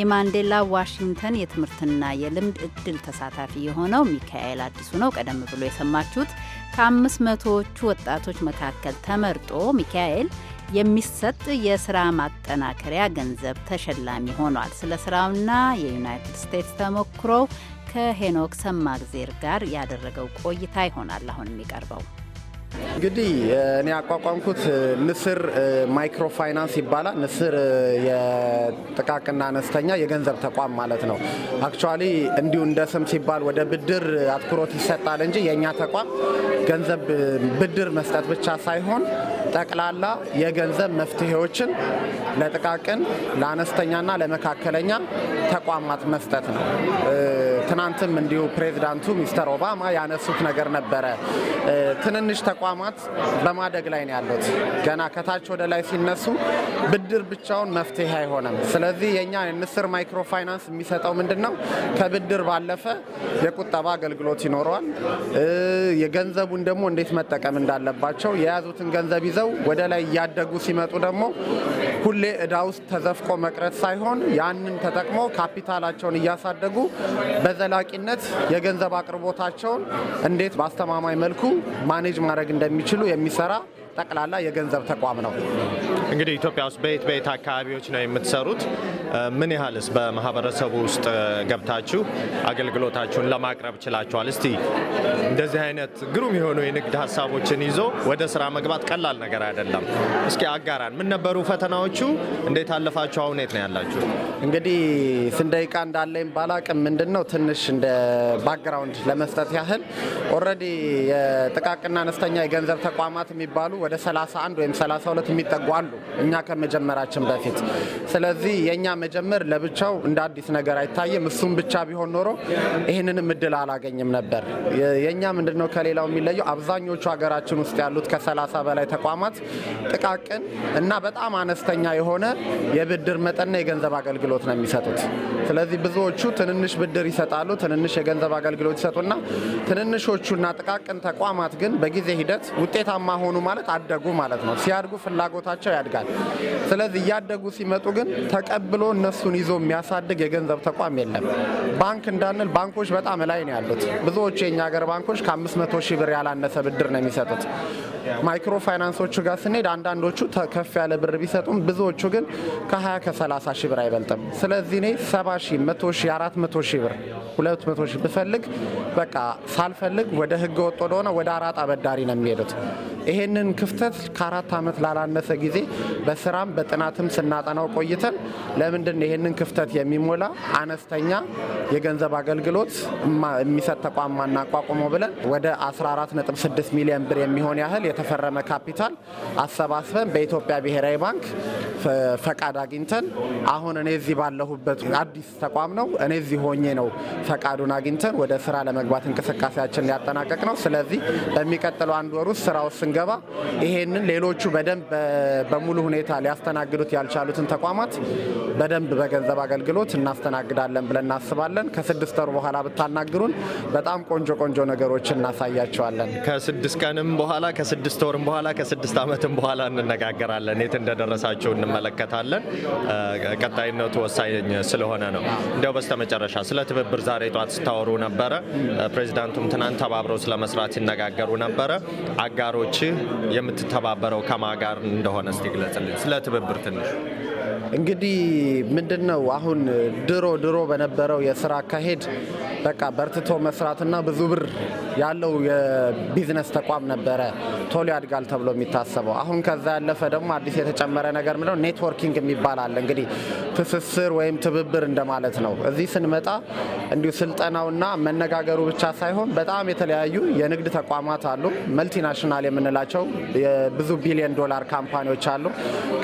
የማንዴላ ዋሽንግተን የትምህርትና የልምድ እድል ተሳታፊ የሆነው ሚካኤል አዲሱ ነው። ቀደም ብሎ የሰማችሁት ከአምስት መቶዎቹ ወጣቶች መካከል ተመርጦ ሚካኤል የሚሰጥ የስራ ማጠናከሪያ ገንዘብ ተሸላሚ ሆኗል። ስለ ስራውና የዩናይትድ ስቴትስ ተሞክሮው ከሄኖክ ሰማግዜር ጋር ያደረገው ቆይታ ይሆናል አሁን የሚቀርበው። እንግዲህ እኔ ያቋቋምኩት ንስር ማይክሮ ፋይናንስ ይባላል። ንስር የጥቃቅና አነስተኛ የገንዘብ ተቋም ማለት ነው። አክቹዋሊ እንዲሁ እንደ ስም ሲባል ወደ ብድር አትኩሮት ይሰጣል እንጂ የእኛ ተቋም ገንዘብ ብድር መስጠት ብቻ ሳይሆን ጠቅላላ የገንዘብ መፍትሄዎችን ለጥቃቅን ለአነስተኛና ለመካከለኛ ተቋማት መስጠት ነው። ትናንትም እንዲሁ ፕሬዚዳንቱ ሚስተር ኦባማ ያነሱት ነገር ነበረ ትንንሽ ተቋማት በማደግ ላይ ነው ያሉት። ገና ከታች ወደ ላይ ሲነሱ ብድር ብቻውን መፍትሄ አይሆንም። ስለዚህ የእኛ ንስር ማይክሮ ፋይናንስ የሚሰጠው ምንድን ነው? ከብድር ባለፈ የቁጠባ አገልግሎት ይኖረዋል። የገንዘቡን ደግሞ እንዴት መጠቀም እንዳለባቸው የያዙትን ገንዘብ ይዘው ወደ ላይ እያደጉ ሲመጡ ደግሞ ሁሌ እዳ ውስጥ ተዘፍቆ መቅረት ሳይሆን ያንን ተጠቅሞ ካፒታላቸውን እያሳደጉ በዘላቂነት የገንዘብ አቅርቦታቸውን እንዴት በአስተማማኝ መልኩ ማኔጅ ማድረግ ማድረግ እንደሚችሉ የሚሰራ ጠቅላላ የገንዘብ ተቋም ነው። እንግዲህ ኢትዮጵያ ውስጥ በየት በየት አካባቢዎች ነው የምትሰሩት? ምን ያህልስ በማህበረሰቡ ውስጥ ገብታችሁ አገልግሎታችሁን ለማቅረብ ችላችኋል? እስቲ እንደዚህ አይነት ግሩም የሆኑ የንግድ ሀሳቦችን ይዞ ወደ ስራ መግባት ቀላል ነገር አይደለም። እስኪ አጋራን። ምን ነበሩ ፈተናዎቹ? እንዴት አለፋችሁ? አሁኔት ነው ያላችሁ? እንግዲህ ስንት ደቂቃ እንዳለኝ ባላቅም ምንድን ነው ትንሽ እንደ ባክግራውንድ ለመስጠት ያህል ኦልሬዲ የጥቃቅና አነስተኛ የገንዘብ ተቋማት የሚባሉ ወደ 31 ወይም 32 የሚጠጉ አሉ እኛ ከመጀመራችን በፊት። ስለዚህ የእኛ መጀመር ለብቻው እንደ አዲስ ነገር አይታይም። እሱም ብቻ ቢሆን ኖሮ ይህንንም እድል አላገኝም ነበር። የእኛ ምንድነው ከሌላው የሚለየው? አብዛኞቹ ሀገራችን ውስጥ ያሉት ከ30 በላይ ተቋማት ጥቃቅን እና በጣም አነስተኛ የሆነ የብድር መጠንና የገንዘብ አገልግሎት ነው የሚሰጡት። ስለዚህ ብዙዎቹ ትንንሽ ብድር ይሰጣሉ፣ ትንንሽ የገንዘብ አገልግሎት ይሰጡና ትንንሾቹና ጥቃቅን ተቋማት ግን በጊዜ ሂደት ውጤታማ ሆኑ ማለት አደጉ ማለት ነው። ሲያድጉ ፍላጎታቸው ያድጋል። ስለዚህ እያደጉ ሲመጡ ግን ተቀብሎ እነሱን ይዞ የሚያሳድግ የገንዘብ ተቋም የለም። ባንክ እንዳንል ባንኮች በጣም ላይ ነው ያሉት። ብዙዎቹ የኛ ሀገር ባንኮች ከ500 ሺህ ብር ያላነሰ ብድር ነው የሚሰጡት። ማይክሮ ፋይናንሶቹ ጋር ስንሄድ አንዳንዶቹ ከፍ ያለ ብር ቢሰጡም ብዙዎቹ ግን ከ20 ከ30 ሺህ ብር አይበልጥም። ስለዚህ እኔ 70 ሺህ፣ 100 ሺህ፣ 400 ሺህ ብር 200 ሺህ ብፈልግ በቃ ሳልፈልግ ወደ ህገ ወጥ ወደሆነ ወደ አራጣ አበዳሪ ነው የሚሄዱት። ይሄንን ክፍተት ከአራት ዓመት ላላነሰ ጊዜ በስራም በጥናትም ስናጠናው ቆይተን ለምንድን ይህንን ክፍተት የሚሞላ አነስተኛ የገንዘብ አገልግሎት የሚሰጥ ተቋም ማናቋቁመው ብለን ወደ 146 ሚሊዮን ብር የሚሆን ያህል የተፈረመ ካፒታል አሰባስበን በኢትዮጵያ ብሔራዊ ባንክ ፈቃድ አግኝተን አሁን እኔ እዚህ ባለሁበት አዲስ ተቋም ነው። እኔ እዚህ ሆኜ ነው ፈቃዱን አግኝተን ወደ ስራ ለመግባት እንቅስቃሴያችን ሊያጠናቀቅ ነው። ስለዚህ በሚቀጥለው አንድ ወር ውስጥ ስራ ውስጥ ስንገባ ይሄንን ሌሎቹ በደንብ በሙሉ ሁኔታ ሊያስተናግዱት ያልቻሉትን ተቋማት በደንብ በገንዘብ አገልግሎት እናስተናግዳለን ብለን እናስባለን። ከስድስት ወር በኋላ ብታናግሩን በጣም ቆንጆ ቆንጆ ነገሮች እናሳያቸዋለን። ከስድስት ቀንም በኋላ ከስድስት ወርም በኋላ ከስድስት ዓመትም በኋላ እንነጋገራለን። የት እንደደረሳችሁ እንመለከታለን። ቀጣይነቱ ወሳኝ ስለሆነ ነው። እንዲያው በስተመጨረሻ ስለ ትብብር ዛሬ ጧት ስታወሩ ነበረ። ፕሬዚዳንቱም ትናንት ተባብረው ስለመስራት ሲነጋገሩ ነበረ። አጋሮች የምትተባበረው ከማ ጋር እንደሆነ እስቲ ግለጽልኝ። ስለ ትብብር ትንሽ እንግዲህ ምንድን ነው አሁን ድሮ ድሮ በነበረው የስራ አካሄድ በቃ በርትቶ መስራትና ብዙ ብር ያለው የቢዝነስ ተቋም ነበረ ቶሎ ያድጋል ተብሎ የሚታሰበው። አሁን ከዛ ያለፈ ደግሞ አዲስ የተጨመረ ነገር ምለው ኔትወርኪንግ የሚባል አለ። እንግዲህ ትስስር ወይም ትብብር እንደማለት ነው። እዚህ ስንመጣ እንዲሁ ስልጠናውና መነጋገሩ ብቻ ሳይሆን በጣም የተለያዩ የንግድ ተቋማት አሉ። መልቲናሽናል የምንላቸው ብዙ ቢሊዮን ዶላር ካምፓኒዎች አሉ።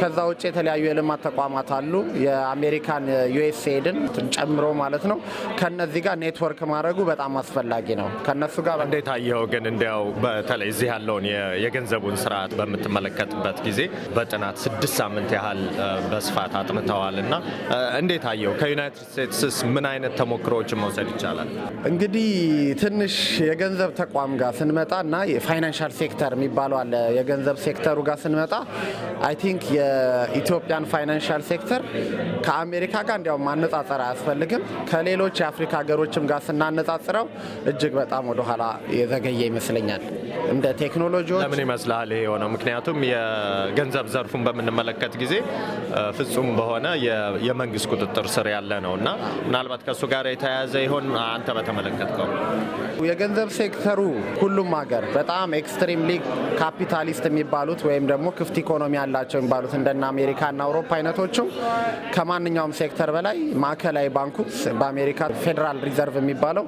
ከዛ ውጭ የተለያዩ የልማት ተቋማት አሉ። የአሜሪካን ዩኤስኤድን ጨምሮ ማለት ነው። ከነዚህ ጋር ኔትወርክ ኔትወርክ ማድረጉ በጣም አስፈላጊ ነው። ከነሱ ጋር እንዴት አየኸው? ግን እንዲያው በተለይ እዚህ ያለውን የገንዘቡን ስርዓት በምትመለከትበት ጊዜ በጥናት ስድስት ሳምንት ያህል በስፋት አጥንተዋል እና እንዴት አየኸው? ከዩናይትድ ስቴትስስ ምን አይነት ተሞክሮዎችን መውሰድ ይቻላል? እንግዲህ ትንሽ የገንዘብ ተቋም ጋር ስንመጣ እና የፋይናንሻል ሴክተር የሚባለው አለ የገንዘብ ሴክተሩ ጋር ስንመጣ አይ ቲንክ የኢትዮጵያን ፋይናንሻል ሴክተር ከአሜሪካ ጋር እንዲያውም ማነጻጸር አያስፈልግም ከሌሎች የአፍሪካ ሀገሮችም ጋር ስናነጻጽረው እጅግ በጣም ወደኋላ የዘገየ ይመስለኛል። እንደ ቴክኖሎጂዎች ለምን ይመስላል ይሄ የሆነው? ምክንያቱም የገንዘብ ዘርፉን በምንመለከት ጊዜ ፍጹም በሆነ የመንግስት ቁጥጥር ስር ያለ ነው እና ምናልባት ከእሱ ጋር የተያያዘ ይሆን አንተ በተመለከትከው? የገንዘብ ሴክተሩ ሁሉም ሀገር በጣም ኤክስትሪምሊ ካፒታሊስት የሚባሉት ወይም ደግሞ ክፍት ኢኮኖሚ ያላቸው የሚባሉት አሜሪካ አሜሪካና አውሮፓ አይነቶቹም ከማንኛውም ሴክተር በላይ ማዕከላዊ ባንኩ በአሜሪካ ፌዴራል ሪዘርቭ የሚባለው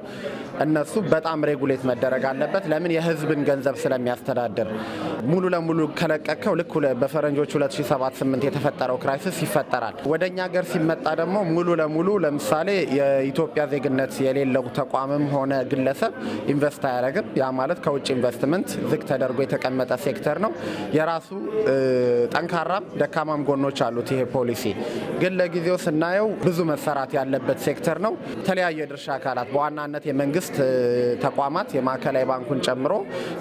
እነሱ በጣም ሬጉሌት መደረግ አለበት። ለምን የህዝብን ገንዘብ ስለሚያስተዳድር። ሙሉ ለሙሉ ከለቀቀው ልክ በፈረንጆች 2078 የተፈጠረው ክራይሲስ ይፈጠራል። ወደ እኛ ሀገር ሲመጣ ደግሞ ሙሉ ለሙሉ ለምሳሌ የኢትዮጵያ ዜግነት የሌለው ተቋምም ሆነ ግለሰብ ኢንቨስት አያደርግም። ያ ማለት ከውጭ ኢንቨስትመንት ዝግ ተደርጎ የተቀመጠ ሴክተር ነው። የራሱ ጠንካራም ደካማም ጎኖች አሉት ይሄ ፖሊሲ። ግን ለጊዜው ስናየው ብዙ መሰራት ያለበት ሴክተር ነው። የተለያዩ የድርሻ አካላት ተቋማት በዋናነት የመንግስት ተቋማት የማዕከላዊ ባንኩን ጨምሮ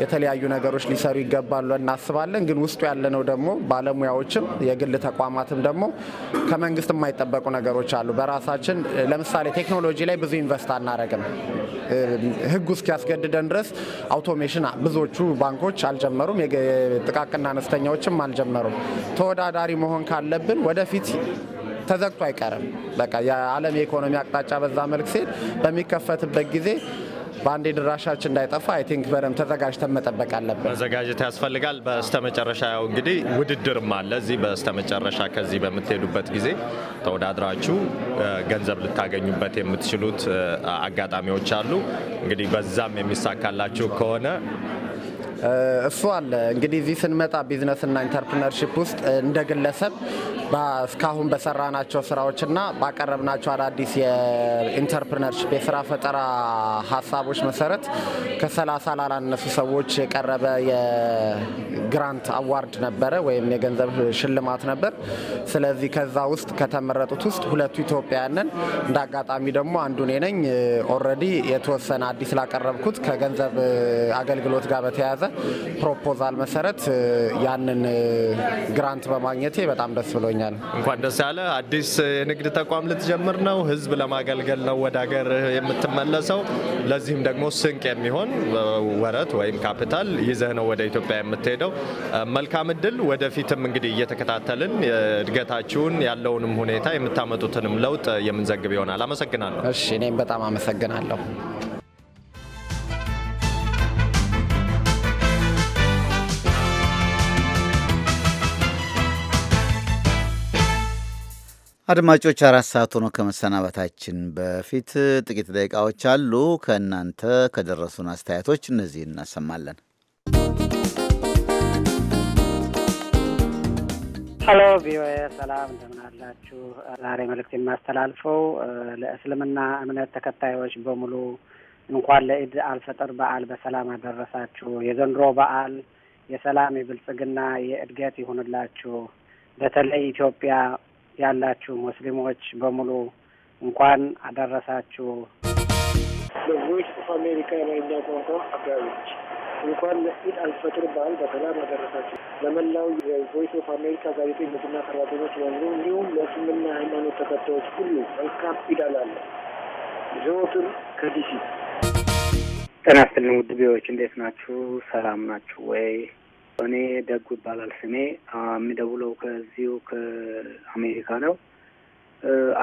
የተለያዩ ነገሮች ሊሰሩ ይገባሉ እናስባለን። ግን ውስጡ ያለነው ደግሞ ባለሙያዎችም የግል ተቋማትም ደግሞ ከመንግስት የማይጠበቁ ነገሮች አሉ። በራሳችን ለምሳሌ ቴክኖሎጂ ላይ ብዙ ኢንቨስት አናረግም። ህጉ እስኪያስገድደን ድረስ አውቶሜሽን ብዙዎቹ ባንኮች አልጀመሩም፣ ጥቃቅና አነስተኛዎችም አልጀመሩም። ተወዳዳሪ መሆን ካለብን ወደፊት ተዘግቶ አይቀርም። በቃ የዓለም የኢኮኖሚ አቅጣጫ በዛ መልክ ሲል በሚከፈትበት ጊዜ በአንዴ ድራሻችን እንዳይጠፋ አይ ቲንክ በደምብ ተዘጋጅተን መጠበቅ አለብን። መዘጋጀት ያስፈልጋል። በስተመጨረሻ ያው እንግዲህ ውድድርም አለ እዚህ በስተመጨረሻ ከዚህ በምትሄዱበት ጊዜ ተወዳድራችሁ ገንዘብ ልታገኙበት የምትችሉት አጋጣሚዎች አሉ። እንግዲህ በዛም የሚሳካላችሁ ከሆነ እሱ አለ እንግዲህ እዚህ ስንመጣ ቢዝነስና ኢንተርፕርነርሺፕ ውስጥ እንደ ግለሰብ እስካሁን በሰራናቸው ስራዎችና ባቀረብናቸው አዳዲስ የኢንተርፕርነርሽፕ የስራ ፈጠራ ሀሳቦች መሰረት ከሰላሳ ላላነሱ ሰዎች የቀረበ የግራንት አዋርድ ነበረ ወይም የገንዘብ ሽልማት ነበር። ስለዚህ ከዛ ውስጥ ከተመረጡት ውስጥ ሁለቱ ኢትዮጵያውያንን እንደ አጋጣሚ ደግሞ አንዱ እኔ ነኝ። ኦልሬዲ የተወሰነ አዲስ ላቀረብኩት ከገንዘብ አገልግሎት ጋር በተያያዘ ፕሮፖዛል መሰረት ያንን ግራንት በማግኘቴ በጣም ደስ ብሎኛል። ይገኛል። እንኳን ደስ ያለ። አዲስ የንግድ ተቋም ልትጀምር ነው። ህዝብ ለማገልገል ነው ወደ ሀገር የምትመለሰው። ለዚህም ደግሞ ስንቅ የሚሆን ወረት ወይም ካፒታል ይዘህ ነው ወደ ኢትዮጵያ የምትሄደው። መልካም እድል። ወደፊትም እንግዲህ እየተከታተልን እድገታችሁን፣ ያለውንም ሁኔታ የምታመጡትንም ለውጥ የምንዘግብ ይሆናል። አመሰግናለሁ። እሺ፣ እኔም በጣም አመሰግናለሁ። አድማጮች አራት ሰዓት ሆኖ ከመሰናበታችን በፊት ጥቂት ደቂቃዎች አሉ። ከእናንተ ከደረሱን አስተያየቶች እነዚህ እናሰማለን። ሀሎ ቪኦኤ ሰላም እንደምን አላችሁ? ዛሬ መልእክት የማስተላልፈው ለእስልምና እምነት ተከታዮች በሙሉ እንኳን ለኢድ አልፈጥር በዓል በሰላም አደረሳችሁ። የዘንድሮ በዓል የሰላም የብልጽግና፣ የእድገት ይሁንላችሁ። በተለይ ኢትዮጵያ ያላችሁ ሙስሊሞች በሙሉ እንኳን አደረሳችሁ። ኦፍ አሜሪካ የአማርኛ ቋንቋ አካባቢዎች እንኳን ለኢድ አልፈጥር በዓል በሰላም አደረሳችሁ። ለመላው የቮይስ ኦፍ አሜሪካ ጋዜጠኞችና ሰራተኞች በሙሉ እንዲሁም ለእስልምና ሃይማኖት ተከታዮች ሁሉ መልካም ኢድ አላለ ዘወትር ከዲሲ ጤና ይስጥልኝ። ውድ እንዴት ናችሁ? ሰላም ናችሁ ወይ? እኔ ደጉ ይባላል ስሜ። የሚደውለው ከዚሁ ከአሜሪካ ነው።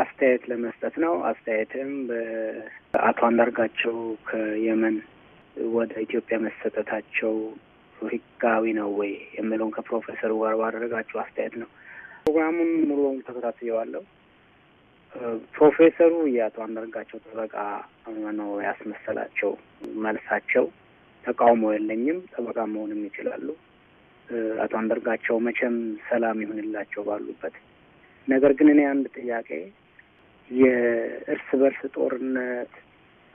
አስተያየት ለመስጠት ነው። አስተያየትም በአቶ አንዳርጋቸው ከየመን ወደ ኢትዮጵያ መሰጠታቸው ህጋዊ ነው ወይ የሚለውን ከፕሮፌሰሩ ጋር ባደረጋቸው አስተያየት ነው። ፕሮግራሙን ሙሉ በሙሉ ተከታትየዋለሁ። ፕሮፌሰሩ የአቶ አንዳርጋቸው ጠበቃ ነው ያስመሰላቸው መልሳቸው። ተቃውሞ የለኝም። ጠበቃ መሆንም ይችላሉ። አቶ አንደርጋቸው መቼም ሰላም ይሁንላቸው ባሉበት። ነገር ግን እኔ አንድ ጥያቄ የእርስ በርስ ጦርነት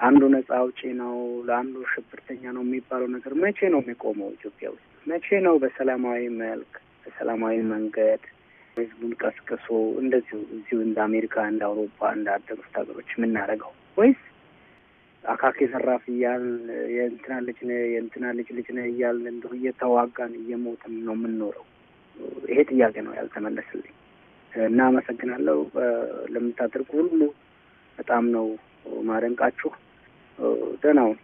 አንዱ ነጻ አውጪ ነው፣ ለአንዱ ሽብርተኛ ነው የሚባለው ነገር መቼ ነው የሚቆመው? ኢትዮጵያ ውስጥ መቼ ነው በሰላማዊ መልክ በሰላማዊ መንገድ ህዝቡን ቀስቅሶ እንደዚሁ እዚሁ እንደ አሜሪካ እንደ አውሮፓ እንደ አደጉት ሀገሮች የምናደርገው ወይስ አካኪ ዘራፍ እያልን የእንትና ልጅ ነ የእንትና ልጅ ልጅ ነ እያልን እንዲሁ እየተዋጋን እየሞትን ነው የምንኖረው። ይሄ ጥያቄ ነው ያልተመለስልኝ እና አመሰግናለሁ። ለምታደርጉ ሁሉ በጣም ነው ማደንቃችሁ። ደህናውን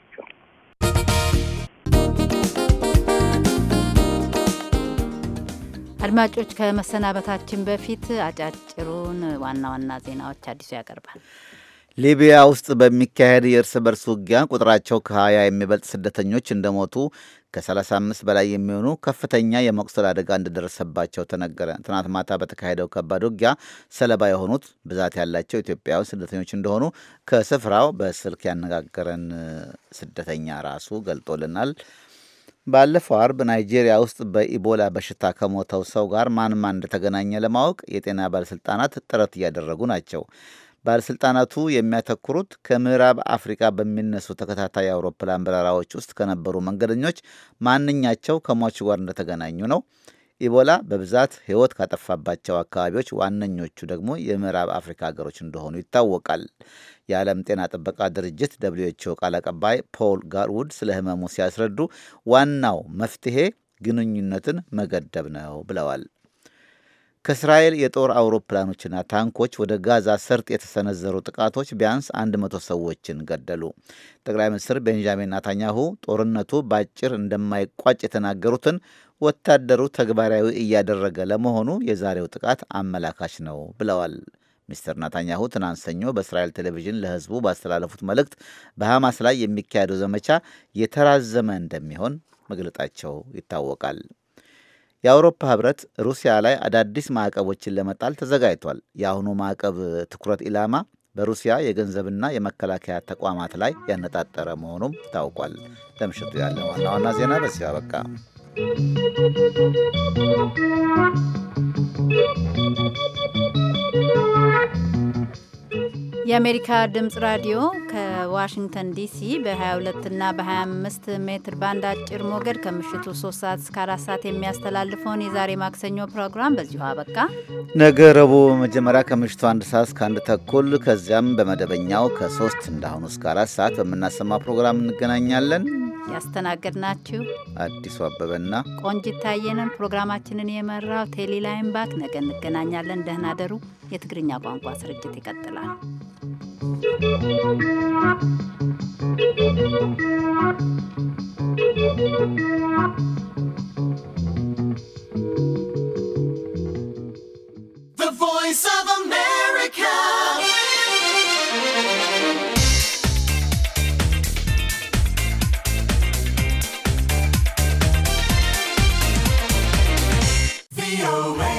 አድማጮች ከመሰናበታችን በፊት አጫጭሩን ዋና ዋና ዜናዎች አዲሱ ያቀርባል። ሊቢያ ውስጥ በሚካሄድ የእርስ በርስ ውጊያ ቁጥራቸው ከ20 የሚበልጥ ስደተኞች እንደሞቱ ከ35 በላይ የሚሆኑ ከፍተኛ የመቁሰል አደጋ እንደደረሰባቸው ተነገረ። ትናንት ማታ በተካሄደው ከባድ ውጊያ ሰለባ የሆኑት ብዛት ያላቸው ኢትዮጵያውያን ስደተኞች እንደሆኑ ከስፍራው በስልክ ያነጋገረን ስደተኛ ራሱ ገልጦልናል። ባለፈው አርብ ናይጄሪያ ውስጥ በኢቦላ በሽታ ከሞተው ሰው ጋር ማን ማን እንደተገናኘ ለማወቅ የጤና ባለሥልጣናት ጥረት እያደረጉ ናቸው። ባለሥልጣናቱ የሚያተኩሩት ከምዕራብ አፍሪካ በሚነሱ ተከታታይ አውሮፕላን በረራዎች ውስጥ ከነበሩ መንገደኞች ማንኛቸው ከሟቹ ጋር እንደተገናኙ ነው። ኢቦላ በብዛት ሕይወት ካጠፋባቸው አካባቢዎች ዋነኞቹ ደግሞ የምዕራብ አፍሪካ ሀገሮች እንደሆኑ ይታወቃል። የዓለም ጤና ጥበቃ ድርጅት ደብልዩ ኤች ኦ ቃል አቀባይ ፖል ጋርውድ ስለ ህመሙ ሲያስረዱ ዋናው መፍትሄ ግንኙነትን መገደብ ነው ብለዋል። ከእስራኤል የጦር አውሮፕላኖችና ታንኮች ወደ ጋዛ ሰርጥ የተሰነዘሩ ጥቃቶች ቢያንስ 100 ሰዎችን ገደሉ። ጠቅላይ ሚኒስትር ቤንጃሚን ናታኛሁ ጦርነቱ በአጭር እንደማይቋጭ የተናገሩትን ወታደሩ ተግባራዊ እያደረገ ለመሆኑ የዛሬው ጥቃት አመላካች ነው ብለዋል። ሚስተር ናታኛሁ ትናንት ሰኞ በእስራኤል ቴሌቪዥን ለሕዝቡ ባስተላለፉት መልእክት በሐማስ ላይ የሚካሄደው ዘመቻ የተራዘመ እንደሚሆን መግለጣቸው ይታወቃል። የአውሮፓ ህብረት ሩሲያ ላይ አዳዲስ ማዕቀቦችን ለመጣል ተዘጋጅቷል። የአሁኑ ማዕቀብ ትኩረት ኢላማ በሩሲያ የገንዘብና የመከላከያ ተቋማት ላይ ያነጣጠረ መሆኑም ታውቋል። ለምሽቱ ያለ ዋና ዋና ዜና በዚያ አበቃ። Thank you. የአሜሪካ ድምፅ ራዲዮ ከዋሽንግተን ዲሲ በ22 እና በ25 ሜትር ባንድ አጭር ሞገድ ከምሽቱ 3 ሰዓት እስከ 4 ሰዓት የሚያስተላልፈውን የዛሬ ማክሰኞ ፕሮግራም በዚሁ አበቃ። ነገ ረቡዕ መጀመሪያ ከምሽቱ 1 ሰዓት እስከ 1 ተኩል ከዚያም በመደበኛው ከ3 እንዳሁኑ እስከ 4 ሰዓት በምናሰማ ፕሮግራም እንገናኛለን። ያስተናገድናችሁ አዲሱ አበበና ቆንጂት ታየነን። ፕሮግራማችንን የመራው ቴሌላይም ባክ። ነገ እንገናኛለን። ደህና ደሩ። የትግርኛ ቋንቋ ስርጭት ይቀጥላል። Voice of America. VOA.